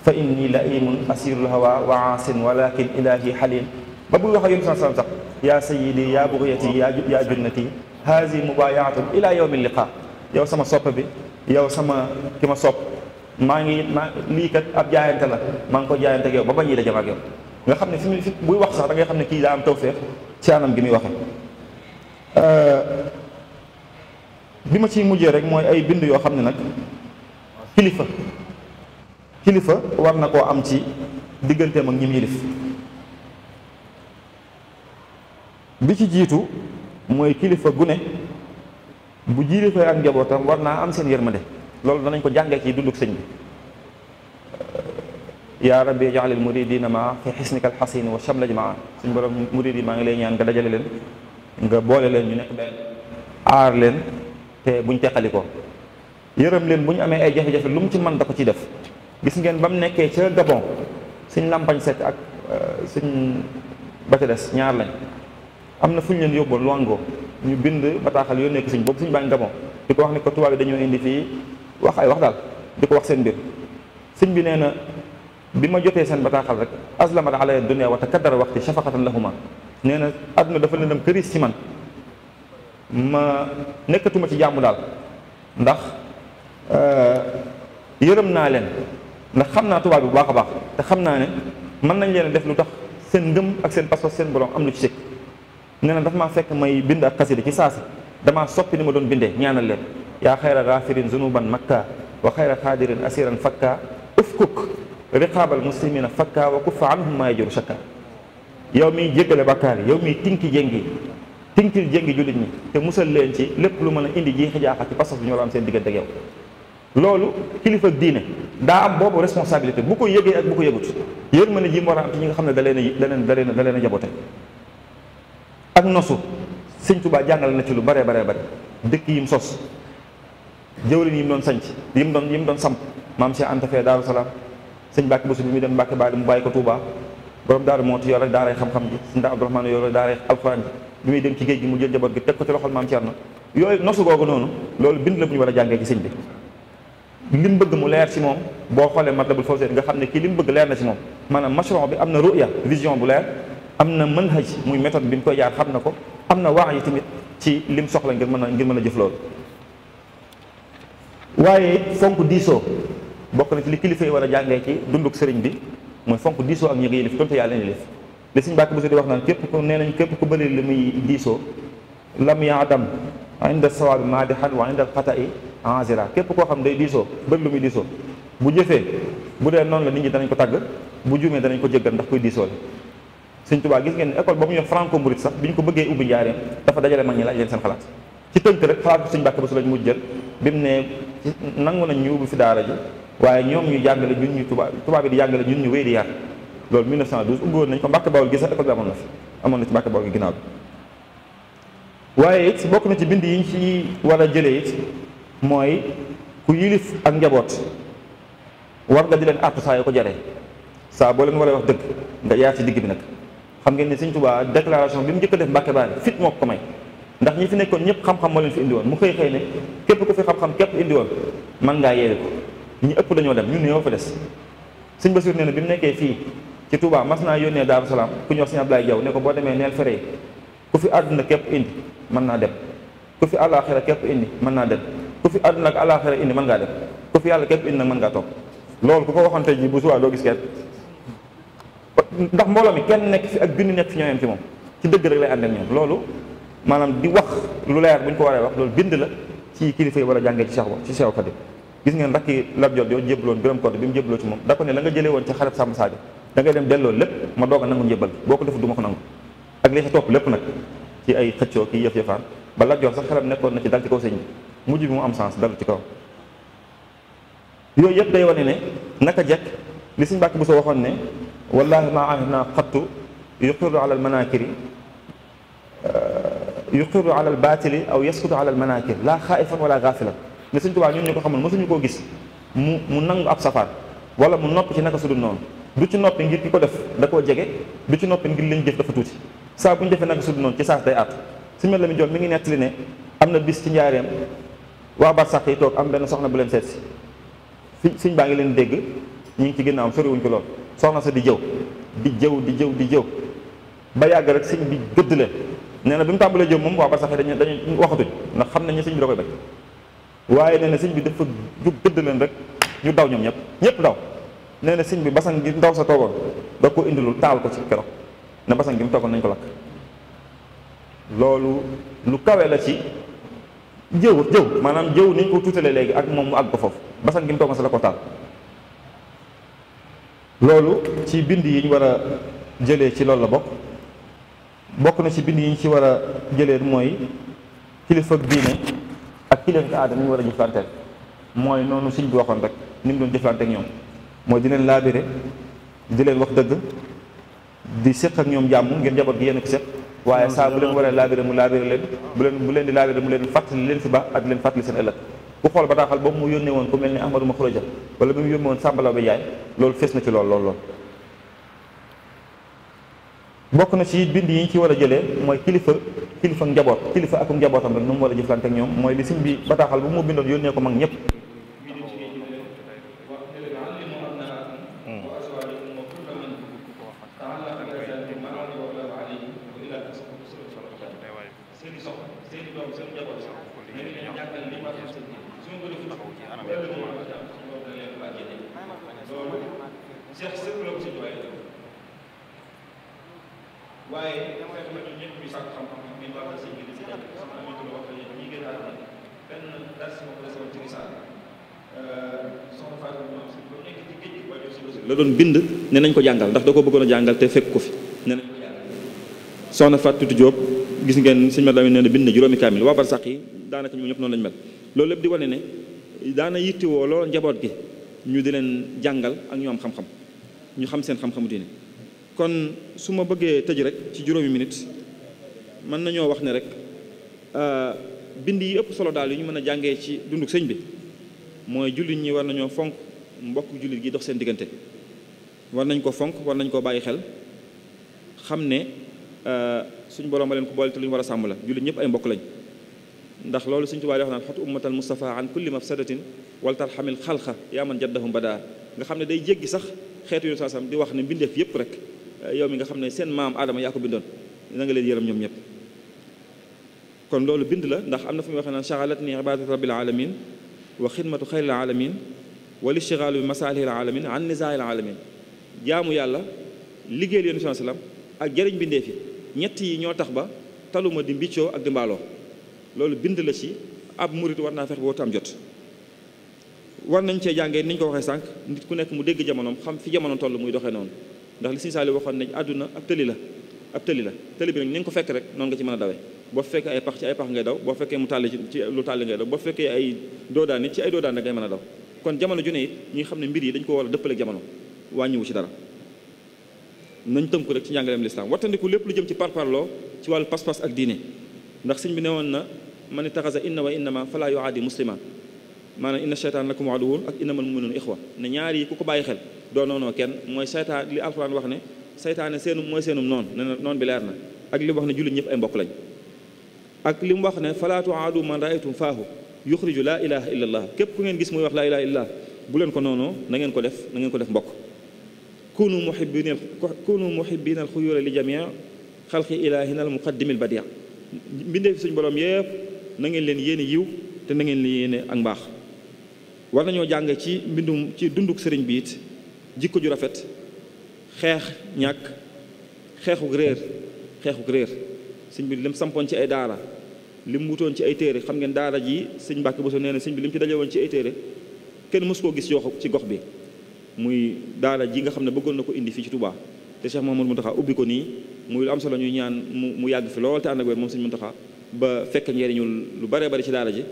fa inni la imun asirul hawa wa asin walakin ilahi halim ba bu wax ak yéen sax sax yaa sayyidi yaa buxyati yaa yaa junnati haasi mubayaatun ila yawmi liqa yow sama sopp bi yow sama ki ma sopp maa ngi maa lii kat ab jaayante la maa ngi ko jaayante ak yow ba ba ñuy dajama ak yow nga xam ne fi muy buy wax sax da ngay xam ne kii daa am tawféex ci anam gi muy waxee bi ma ciy mujjee rek mooy ay bind yoo xam ne nag kilifa. kilifa war na koo am ci digganteem ak ñim yilif bi ci jiitu mooy kilifa gune bu jiilifee ak njabootam war naa am seen yërmande loolu danañ ko jàngee ci dunduk sëñ bi yaa rabbi jaalil muridina ma fi xisnika alxasin wa shamlaj maa suñ borom murid maa ngi lay ñaan nga dajale leen nga boole leen ñu nekk benn aar leen te buñ teqali ko yërëm leen bu amee ay jafe-jafe lu mu ci man ko ci def gis ngeen ba mu nekkee ca Gabon suñ Lampagne set ak euh, suñ ba ca des ñaar lañ am na fu ñu leen yóbboon Luango ñu bind bataaxal yoo nekk suñ boobu suñ baa ngi Gabon di ko wax ne ko tubaab bi dañoo indi fii wax ay wax daal di ko wax seen mbir sëñ bi nee na bi ma jotee seen bataaxal rek a aslamat alaya dunia wa takaddara waxti shafaqatan lahuma nee na àdduna dafa lëndam këris ci man ma nekkatuma ci jàmm daal ndax euh, yërëm naa leen ndax xam naa tubaab bi bu baax a baax te xam naa ne mën nañ leen def lu tax seen ndëm ak seen pas-pas seen borom am lu ci sëkk nee na dafa maa fekk may bind ak xasida ci saasi dama soppi ni ma doon bindee ñaanal leen yaa xayra gaafirin zunuban makka wa xayra xaadirin asiran fakka ufkuk riqaabal muslimina fakka wa kuffa anhum ma yajuru shakka yow miy jéggale bakkaar yi yow miy tinki jéngi tinkil jéngi jullit ñi te musal leen ci lépp lu mën a indi jiixi jaaxa ci pas-pas bi ñu war a loolu kilifa diine daa am boobu responsabilité bu ko yëgee ak bu ko yëgut yërmande ji mu war a am ci ñi nga xam ne da leen da leen na leen da leen a jabote ak nosu sëñ Tuubaa jàngale na ci lu baree baree bari dëkk yi mu sos jëwriñ yi mu doon sanc yi mu doon yi mu doon samp maam Cheikh Anta Fee Daaru Salaam sëñ Mbàkke Bousso bi muy dem Mbàkke Baali mu bàyyi ko Touba borom Daaru Mooti yore daaray xam-xam ji sëñ Daa Abdourahmaan yore daaray alxuraan ji bi muy dem ci gée gi mu jël njaboot gi teg ko ci loxol maam Cerno yooyu nosu googu noonu loolu bind la ñu war a jàngee bi lim bëgg mu leer ci moom boo xoolee matlabul fawsayni nga xam ne kii lim bëgg leer na ci moom maanaam mashron bi am na ruya vision bu leer am na manhaj muy méthode bi mu koy jaar xam na ko am na waax yi tamit ci lim soxla ngir mën a ngir a jëf loolu waaye fonk diisoo bokk na ci li kilifa war a jàngee ki dunduk sëriñ bi mooy fonk diisoo ak ñi nga yëlif tontu yàlla yëlif li suñ bàkk bu di wax naan képp ku nee nañ képp ku bëri li muy diisoo lam yaadam inda sawaabi maadihan wa inda alxata'i anzira képp koo xam day diisoo bëri lu muy diisoo bu jëfee bu dee noonu ñi danañ ko tàgg bu juumee danañ ko jéggal ndax kuy diisoo la sëñ Tuubaa gis ngeen ne école ko bëggee ubbi njaareem dafa dajale mag ñi laaj leen seen xalaat ci tënk rek xalaat bi sëñ Mbàkke Buso lañ mujj jël bi mu ne nangu nañ ñu ubbi fi daara ji waaye ñoom ñu jàngale ñun ñu tubaab tubaab na bi waaye it bokk na ci bind yi ñu ci war a jëlee it mooy ku yilif ak njaboot war nga di leen àttu saa yoo ko jaree saa boo leen war a wax dëgg nga yaar ci digg bi nag xam ngeen ni suñ Tuubaa déclaration bi mu njëkk a def Mbàkke Baari fit moo ko may ndax ñi fi nekkoon ñëpp xam-xam moo leen fi indi woon mu xëy xëy ne képp ku fi xam-xam képp indi woon man ngaa yeewi ko ñi ëpp dañoo dem ñun ñoo fa des Sëñ Basiir nee na bi mu nekkee fii ci Touba mas naa yónnee Daaru Salaam ku ñu wax Sëñ Ablaye Jaw ne boo demee neel fere ku fi àdduna képp indi mën naa dem ku fi àllaaxira képp indi mën naa dem ku fi àdduna ak àllaaxira indi man ngaa dem ku fi yàlla képp indi nag mën ngaa toog loolu ku ko waxoon tey ji bu suwaa doo gis kenn ndax mbooloo mi kenn nekk fi ak junni nekk fi ñoo moom ci dëgg rek lay ànd loolu maanaam di wax lu leer bu ñu ko waree wax loolu bind la ci kilifa yi war a jàngee ci Seex ci Seex Xaadim gis ngeen rakki Lat Joor yoo jébaloon Biram Kodde bi mu jébaloo ci moom da ko ne la nga jëlee woon ci xarab sàmm saa da ngay dem delloo lépp ma doog a nangu njébal boo ko def du ma ko nangu lépp nag ci ay xëccoo ki yëf-yëfaan ba Lat Joor sax xelam nekkoon na ci dal ci kaw sëñ bi mujj bi mu am sens dal ci kaw yooyu yëpp day wane ne naka jekk li suñ bàkk bu soo waxoon ne wallahi maa ahid naa xattu yuqiru ala al manakiri euh, yuqiru ala al baatili aw yaskutu ala al manakir laa xaaifan wala gaafilan ne suñ tubaa ñun ñu ko xamul mosuñu koo gis mu mu nangu ab safaan wala mu nopp ci naka su dul noonu du ci noppi ngir ki ko def da koo jege du ci noppi ngir liñ jëf dafa tuuti saa bu ñu defee nag sudu noonu ci saas day at suñu mel la mi joom mi ngi nettali ne am na bis ci njaareem waa barsàq yi toog am benn soxna bu leen seet si fi suñ baa ngi leen dégg ñu ngi ci am soriwuñ ko lool soxna sa di jëw di jëw di jëw di jëw ba yàgg rek sëñ bi gëdd leen nee na bi mu tàmbalee jëw moom waa barsàq yi dañu dañu waxatuñ ndax xam nañ ne sëñ bi da koy bañ waaye nee na sëñ bi dafa ju gëdd leen rek ñu daw ñoom ñëpp ñëpp daw nee na sëñ bi basan gi ndaw sa toogoon da ko indilul taal ko ci keroog na basan gi mu toogoon nañ ko lakk loolu lu kawe la ci jëw jëw maanaam jëw niñ ko tuutalee léegi ak moom mu àgg ko foofu basan gi mu toogoon sa la ko taal loolu ci bind yi ñu war a jëlee ci loolu la bokk bokk na ci bind yi ñu ci war a jëlee mooy kilifa ak diine ak kilifa aada ni ñu war a jëflanteel mooy noonu suñ bi waxoon rek ni mu doon jëflante ak ñoom mooy di leen laabire di leen wax dëgg di séq ak ñoom jàmm ngeen njaboot gi yéen a ko waaye saa bu leen waree laabiré mu laabiré leen bu leen bu leen di laabiré mu leen fàttali leen fi baax ak leen fàttali seen ëllëg ku xool bataaxal boobu mu yónnee woon ku mel ni Ahmadou Makhourédia wala bi mu yónnee woon Sambalaw bi yaay loolu fees na ci lool lool lool bokk na ci bind yi ñu ci war a jëlee mooy kilifa kilifa njaboot kilifa ak njabootam rek nu mu war a jëflante ak ñoom mooy li sëñ bi bataaxal bu mu bindoon yónnee ko mag ñëpp doon bind ne nañ ko jàngal ndax da ko bëggoon a jàngal te ko fi ne nañ ko jàngal soxna gis ngeen sëñ Mame Lamine nee na bind na juróomi kaamil waa barsàq yi daanaka ñoom ñëpp noonu lañu loolu lépp di wane ne daana yittewoo lool njaboot gi ñu di leen jàngal ak ñu am xam-xam ñu xam seen xam-xamu kon su ma bëggee tëj rek ci juróomi minute mën nañoo wax ne rek euh, bind yi ëpp solo daal yi ñu mën a jàngee ci dunduk sëñ bi mooy jullit ñi war nañoo fonk mbokk jullit gi dox seen diggante war nañ ko fonk war nañ koo bàyyi xel xam ne euh, suñ borom a leen ko boole te lu ñu war a sàmm la jullit ñëpp ay mbokk lañ ndax loolu suñ tubaab di wax naan xot ummatal mustafa an kulli mafsadatin wal tarxamil xalxa yaa man jaddahum badaa nga xam ne day jéggi sax xeetu yu di wax ne mbindeef yëpp rek euh, yow mi nga xam ne seen maam aadama yaa ko bindoon na nga leen yërëm ñoom ñëpp kon loolu bind la ndax am na fu muy waxee naan chaxalat ni ibadat rabbil alamin wa xidmatu xayril alamin wa lishtigaalu bi masaalihi alamin jaamu yàlla liggéey yonent bi salaam ak jëriñ bindee fi ñett yi ñoo tax ba taluma di mbiccoo ak di mbaaloo loolu bind la ci ab murit war naa fex boo tam jot war nañ cee jàngee ni ñu ko waxee sànq nit ku nekk mu dégg jamonoom xam fi jamono toll muy doxe noonu ndax li Sëñ Saaliw waxoon nañ àdduna ab tëli la ab tëli la bi ni nga ko fekk rek noonu nga ci mën a dawee boo fekkee ay pax ci ay pax ngay daw boo fekkee mu tàlli ci lu tàlli ngay daw boo fekkee ay doodaan nit ci ay mën a daw kon jamono ju ne it xam ne mbir yi dañ ko war a dëppale jamono wàññiwu ci dara nañ tënku rek ci njàngaleem lislaam wattandiku lépp lu jëm ci parparloo ci wàll pas-pas ak diine ndax sëñ bi ne woon na man itaxasa inna wa innama falaa yuaadi muslima maanaam inna cheytaan lakum aduwwun ak innamal muminuuna ixwa ne ñaar yi ku ko bàyyi xel doo noonoo kenn mooy seytaan li alxuraan wax ne seytaane seenum mooy seenum noon ne noon bi leer na ak li mu wax ne jullit ñëpp ay mbokk lañ ak li mu wax ne falaa tuaadu man raaytum faahu yuxriju laa ilaha illa képp ku ngeen gis muy wax laa bu leen ko noonoo na ngeen ko def na ngeen ko def mbokk kunu muhibbina kunu muhibbina alxuyuura li jamia xalqi ilaahina almuqaddimil badia mbindee fi suñ boroom yëpp na ngeen leen yéene yiw te na ngeen leen yéene ak mbaax war nañoo jàng ci mbindum ci dunduk sëriñ bi jikko ju rafet xeex ñàkk xeexuk réer xeexuk réer sëñ bi lim sampoon ci ay daara lim wutoon ci ay téere xam ngeen daara ji sëñ Mbàkke Bousso nee na sëñ bi lim ci daje woon ci ay téere kenn mës koo gis yoo ci gox bi muy daara ji nga xam ne bëggoon na ko indi fii ci Touba te Cheikh Mouhamadou Mountakha ubbi ko nii muy lu am solo ñuy ñaan mu mu yàgg fi lool te ànd ak wér moom Sëriñ Mountakha ba fekk njëriñu lu bare bari ci daara ji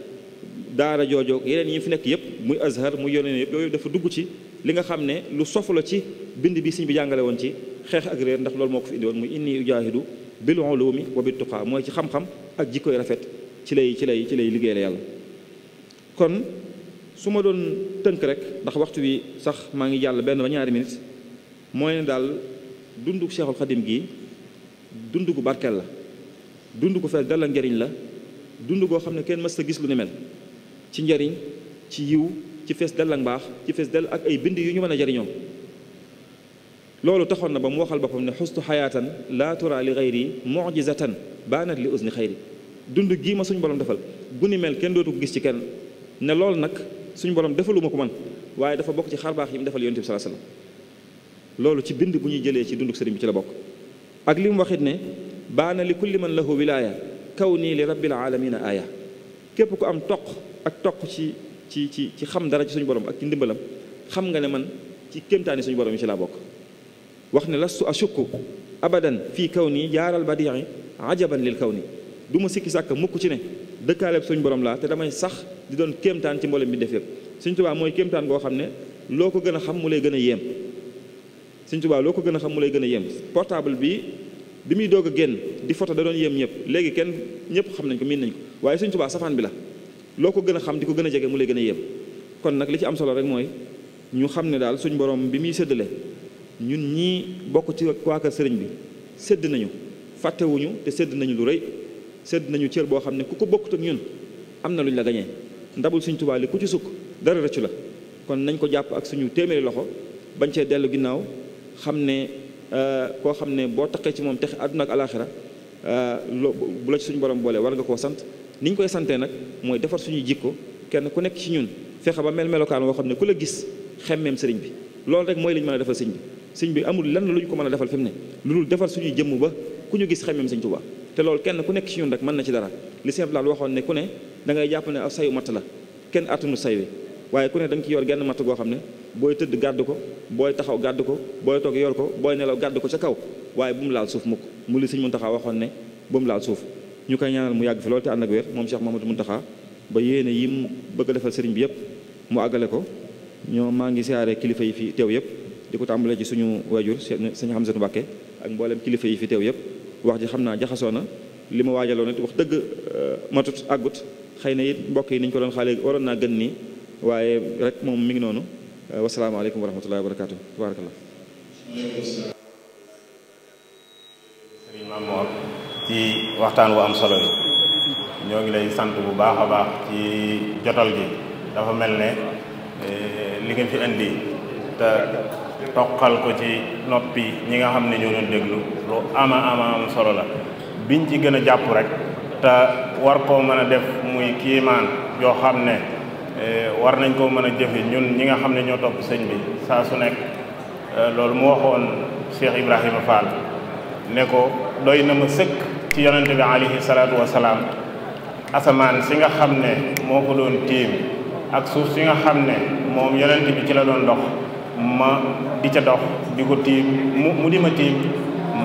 daara joojo yeneen ñi fi nekk yëpp muy azhar muy yoneen yëpp yooyu dafa dugg ci li nga xam ne lu sofu la ci bind bi sëñ bi jàngale woon ci xeex ak réer ndax loolu moo ko fi indi woon muy inni ujaahidu bil ulumi wa bit tuqaa mooy ci xam-xam ak rafet ci lay ci lay ci lay liggéeyal yàlla su ma doon tënk rek ndax waxtu wi sax maa ngi jàll benn ba ñaari minutes mooy ne daal dundu Seexul Xadim gi dund ku barkeel la dund ku fees dal la njëriñ la dund koo xam ne kenn mës sa gis lu ne mel ci njëriñ ci yiw ci fees dal ak mbaax ci fees dal ak ay bind yu ñu mën a jëriñoo loolu taxoon na ba mu waxal boppam ne xustu xayaatan laa tura li xayri mujizatan baanat li usni xayri dund gii ma suñ borom defal guni mel kenn dootu ko gis ci kenn ne loolu nag suñu borom defaluma ko man waaye dafa bokk ci xarbaax yi mu defal yonent bi sallallahu alayhi loolu ci bind bu ñuy jëlee ci dunduk sëriñ bi ci la bokk ak li mu waxit ne baana li kulli man ko wilaaya kaw nii li rabbil alamina aaya képp ku am toq ak toq ci ci ci ci xam dara ci suñu borom ak ci ndimbalam xam nga ne man ci kéemtaani suñu borom yi ci laa bokk wax ne la ashukku abadan fii kaw nii jaaral badii ajaban lil kaw nii du ma sikki sàkk mukk ci ne dëkkaaleeb suñ borom laa te damay sax di doon kéemtaan ci mboolem bi defee yëpp suñ tubaa mooy kéemtaan goo xam ne loo ko gën a xam mu lay gën a yem suñ tubaa loo ko gën a xam mu lay gën a yéem portable bi bi muy doog a génn di foto da doon yéem ñëpp léegi kenn ñëpp xam nañ ko miin nañ ko waaye suñ tubaa safaan bi la loo ko gën a xam di ko gën a jege mu lay gën a yéem kon nag li ci am solo rek mooy ñu xam ne daal suñ borom bi muy séddale ñun ñii bokk ci waa kër sëriñ bi sédd nañu fàttewuñu te sédd nañu lu rëy sedd nañu cër boo xam ne ku ko bokkut ak ñun am na lu ñu la gañee ndabul suñ tubaali ku ci sukk dara rëccu la kon nañ ko jàpp ak suñu téeméeri loxo bañ cee dellu ginnaaw xam ne euh, koo xam ne boo taqee ci moom texe àdduna ak alaaxira euh, loo bu la ci suñu borom boole war nga koo sant ni ñu koy santee nag mooy defar suñuy jikko kenn ku nekk ci ñun fexe ba mel melokaan woo xam ne ku la gis xemmeem sëriñ bi loolu rek mooy li ñu mën a defal sëñ bi sëñ bi amul lenn lu ñu ko mën a defal fi mu lu dul defar suñuy jëmm ba ku ñu gis xemmeem sëñ Tuubaa te loolu kenn ku nekk ci ñun rek mën na ci dara li Sëñ Abdoulaye waxoon ne ku ne da ngay jàpp ne sayu matt la kenn attunu say wi waaye ku ne da nga ci yor genn matt goo xam ne booy tëdd gàdd ko booy taxaw gàdd ko booy toog yor ko booy nelaw gàdd ko ca kaw waaye bu mu laal suuf mukk mu li Sëñ Muntaxa waxoon ne bu mu laal suuf ñu koy ñaanal mu yàgg fi loolu te ànd ak wér moom Cheikh Mamadou Muntaxa ba yéene yi mu bëgg a defal sëriñ bi yëpp mu àggale ko ñoo maa ngi siyaare kilifa yi fi teew yëpp di ko tàmbalee ci suñu waajur sëñ Hamzatu Mbàkke ak mboolem kilifa yi fi teew yëpp wax ji xam naa jaxasoo na li ma waajaloon it wax dëgg euh, matut àggut xëy na it mbokk yi ni ko doon xaale waroon naa gën nii waaye rek moom mi ngi noonu euh, wasalaamaaleykum wa rahmatullahi wa barakaatu tabarakallah sëriñ ci waxtaan wu am solo yi ñoo ngi lay sant bu baax a baax ci jotal gi dafa mel ne euh, li ngeen fi indi te toqal ko ci noppi ñi nga xam ne ñoo doon déglu lu ama ama am solo la biñ ci gën a jàpp rek te war koo mën a def muy kiimaan yoo xam ne eh, war nañ koo mën a jëfe ñun ñi nga xam ne ñoo topp sëñ bi saa su nekk eh, loolu mu waxoon Cheikh Ibrahima Fall ne ko doy na ma sëkk ci yonente bi alayhi salaatu wasalaam asamaan si nga xam ne moo ko doon tiim ak suuf si nga xam ne moom yonente bi ci la doon dox ma di ca dox di ko tiim mu mu di ma tiim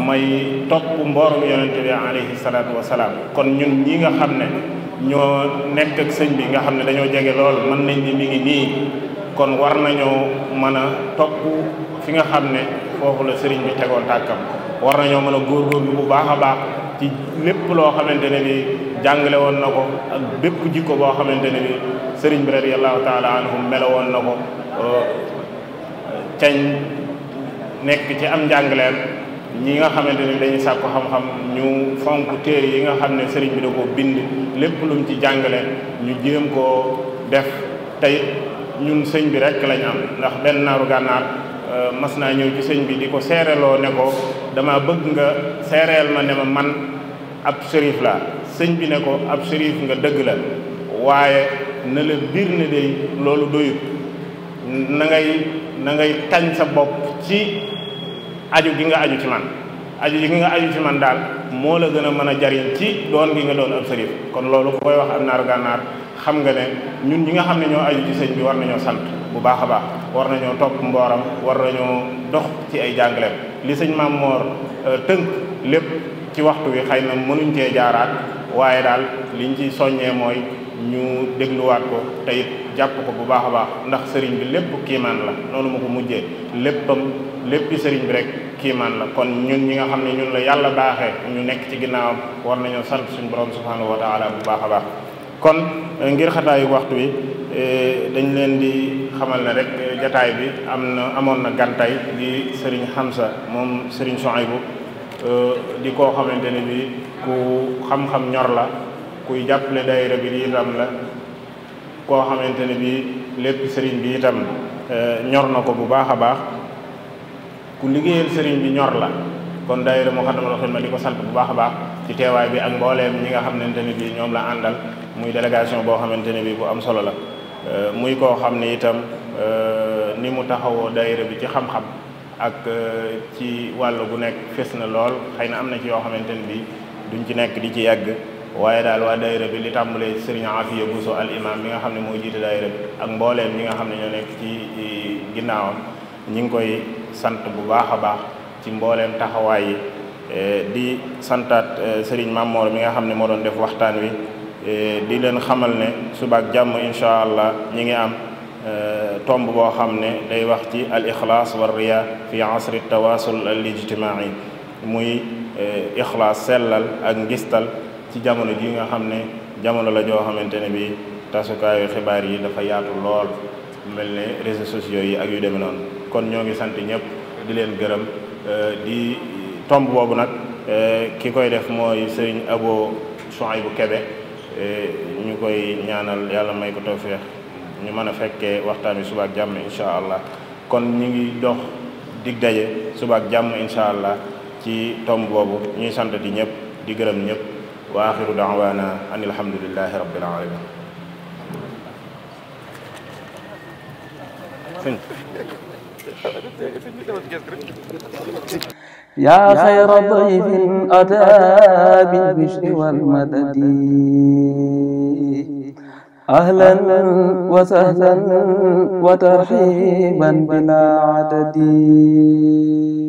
may topp mboorum yonente bi alayhi salaatu wasalaam kon ñun ñi nga xam ne ñoo nekk sëñ bi nga xam ne dañoo jege lool man nañ ni mi ngi nii kon war nañoo mën a topp fi nga xam ne foofu la sëriñ bi tegoon tàkkam war nañoo mën a góorgóorlu bu baax a baax ci lépp loo xamante ne bi jàngale woon na ko ak bépp jikko boo xamante ne bi sëriñ bi radiyallahu taala anhum mele woon na ko cañ nekk ci am njàngaleem ñi nga xamante ni dañuy sàkku xam-xam ñu fonk téer yi nga xam ne sëriñ bi da koo bind lépp lu ci jàngale ñu jéem koo def tey ñun sëñ bi rek lañ am ndax benn naaru gànnaar euh, mas naa ñëw ci sëñ bi di ko seereeloo ne ko dama bëgg nga seereel ma ne ma man ab sërif la sëñ bi ne ko ab sërif nga dëgg la waaye na la biir ne day loolu doyut na ngay na ngay tañ sa bopp ci aju gi nga aju ci man aju gi nga aju ci man daal moo la gën a mën a jariñ ci doon gi nga doon ab sëriñ kon loolu koy wax am naaru gànnaar xam nga ne ñun ñi nga xam ne ñoo aju ci sëñ bi war nañoo sant bu baax a baax war nañoo topp mbooram war nañoo dox ci ay jàngaleem li sëñ Maam Moor euh, tënk lépp ci waxtu wi xëy na mënuñ cee jaaraat waaye daal liñ ci soññee mooy ñu dégluwaat ko teyit jàpp ko bu baax a baax ndax sëriñ bi lépp kiimaan la noonu ma ko mujjee léppam léppi sëriñ bi rek kiimaan la kon ñun ñi nga xam ne ñun la yàlla baaxee ñu nekk ci ginnaawam war nañoo sant suñu borom subhanahu wa taala bu baax a baax kon eh, ngir xataayu waxtu wi eh, dañ leen di xamal ne rek eh, jataay bi am na amoon na gantay di sëriñ Hamza moom sëriñ Souhaïbou di koo xamante ne bi ku xam-xam ñor la kuy jàppale daayira bi di itam la koo xamante ne bii lépp sëriñ bi itam eh, ñor na ko bu baax a baax ku liggéeyal sëriñ bi ñor la kon daayira Moukhaddamatoul Khidma di ko sant bu baax a baax ci teewaay bi ak mbooleem ñi nga xamante ne bii ñoom la àndal muy délégation boo xamante ne bii bu am solo la eh, muy koo xam ne itam eh, ni mu taxawoo daayira bi ci xam-xam ak ci wàll gu nekk fes na lool xëy na am na ci yoo xamante ne bii duñ ci nekk di ci yàgg waaye daal waa daayira bi li tàmbalee sëriñ Afiya Buso al imam mi nga xam ne moo jiite daayira ak mbooleem mi nga xam ne ñoo nekk ci ginnaawam ñi ngi koy sant bu baax a baax ci mbooleem taxawaay yi e, di santaat e, sëriñ Mamor mi nga xam ne moo doon def waxtaan wi e, di leen xamal ne subaak jàmm incha allah ñi ngi am tomb boo xam ne day wax ci al ixlaas wa riya fi asri tawasul al ijtimaai muy ixlaas sellal ak ngistal ci jamono ji nga xam ne jamono la joo xamante ne bi tasukaayu xibaar yi dafa yaatu lool mel ne réseaux sociaux yi ak yu demee noonu kon ñoo ngi sant ñëpp di leen gërëm euh, di tomb boobu nag euh, ki koy def mooy sëriñ Abo bu Kebe euh, ñu koy ñaanal yàlla may ko tawféex ñu mën a fekkee waxtaan wi subaak jàmm incha allah kon ñu ngi dox dig daje subaak jàmm incha allah ci tomb boobu ñuy sant di ñëpp di gërëm ñëpp wa axiru daawaana an alhamdulilahi rabbil alamin yaa xayra dayfin ataa bil bishri wal madadi ahlan wa sahlan wa tarhiban bilaa adadi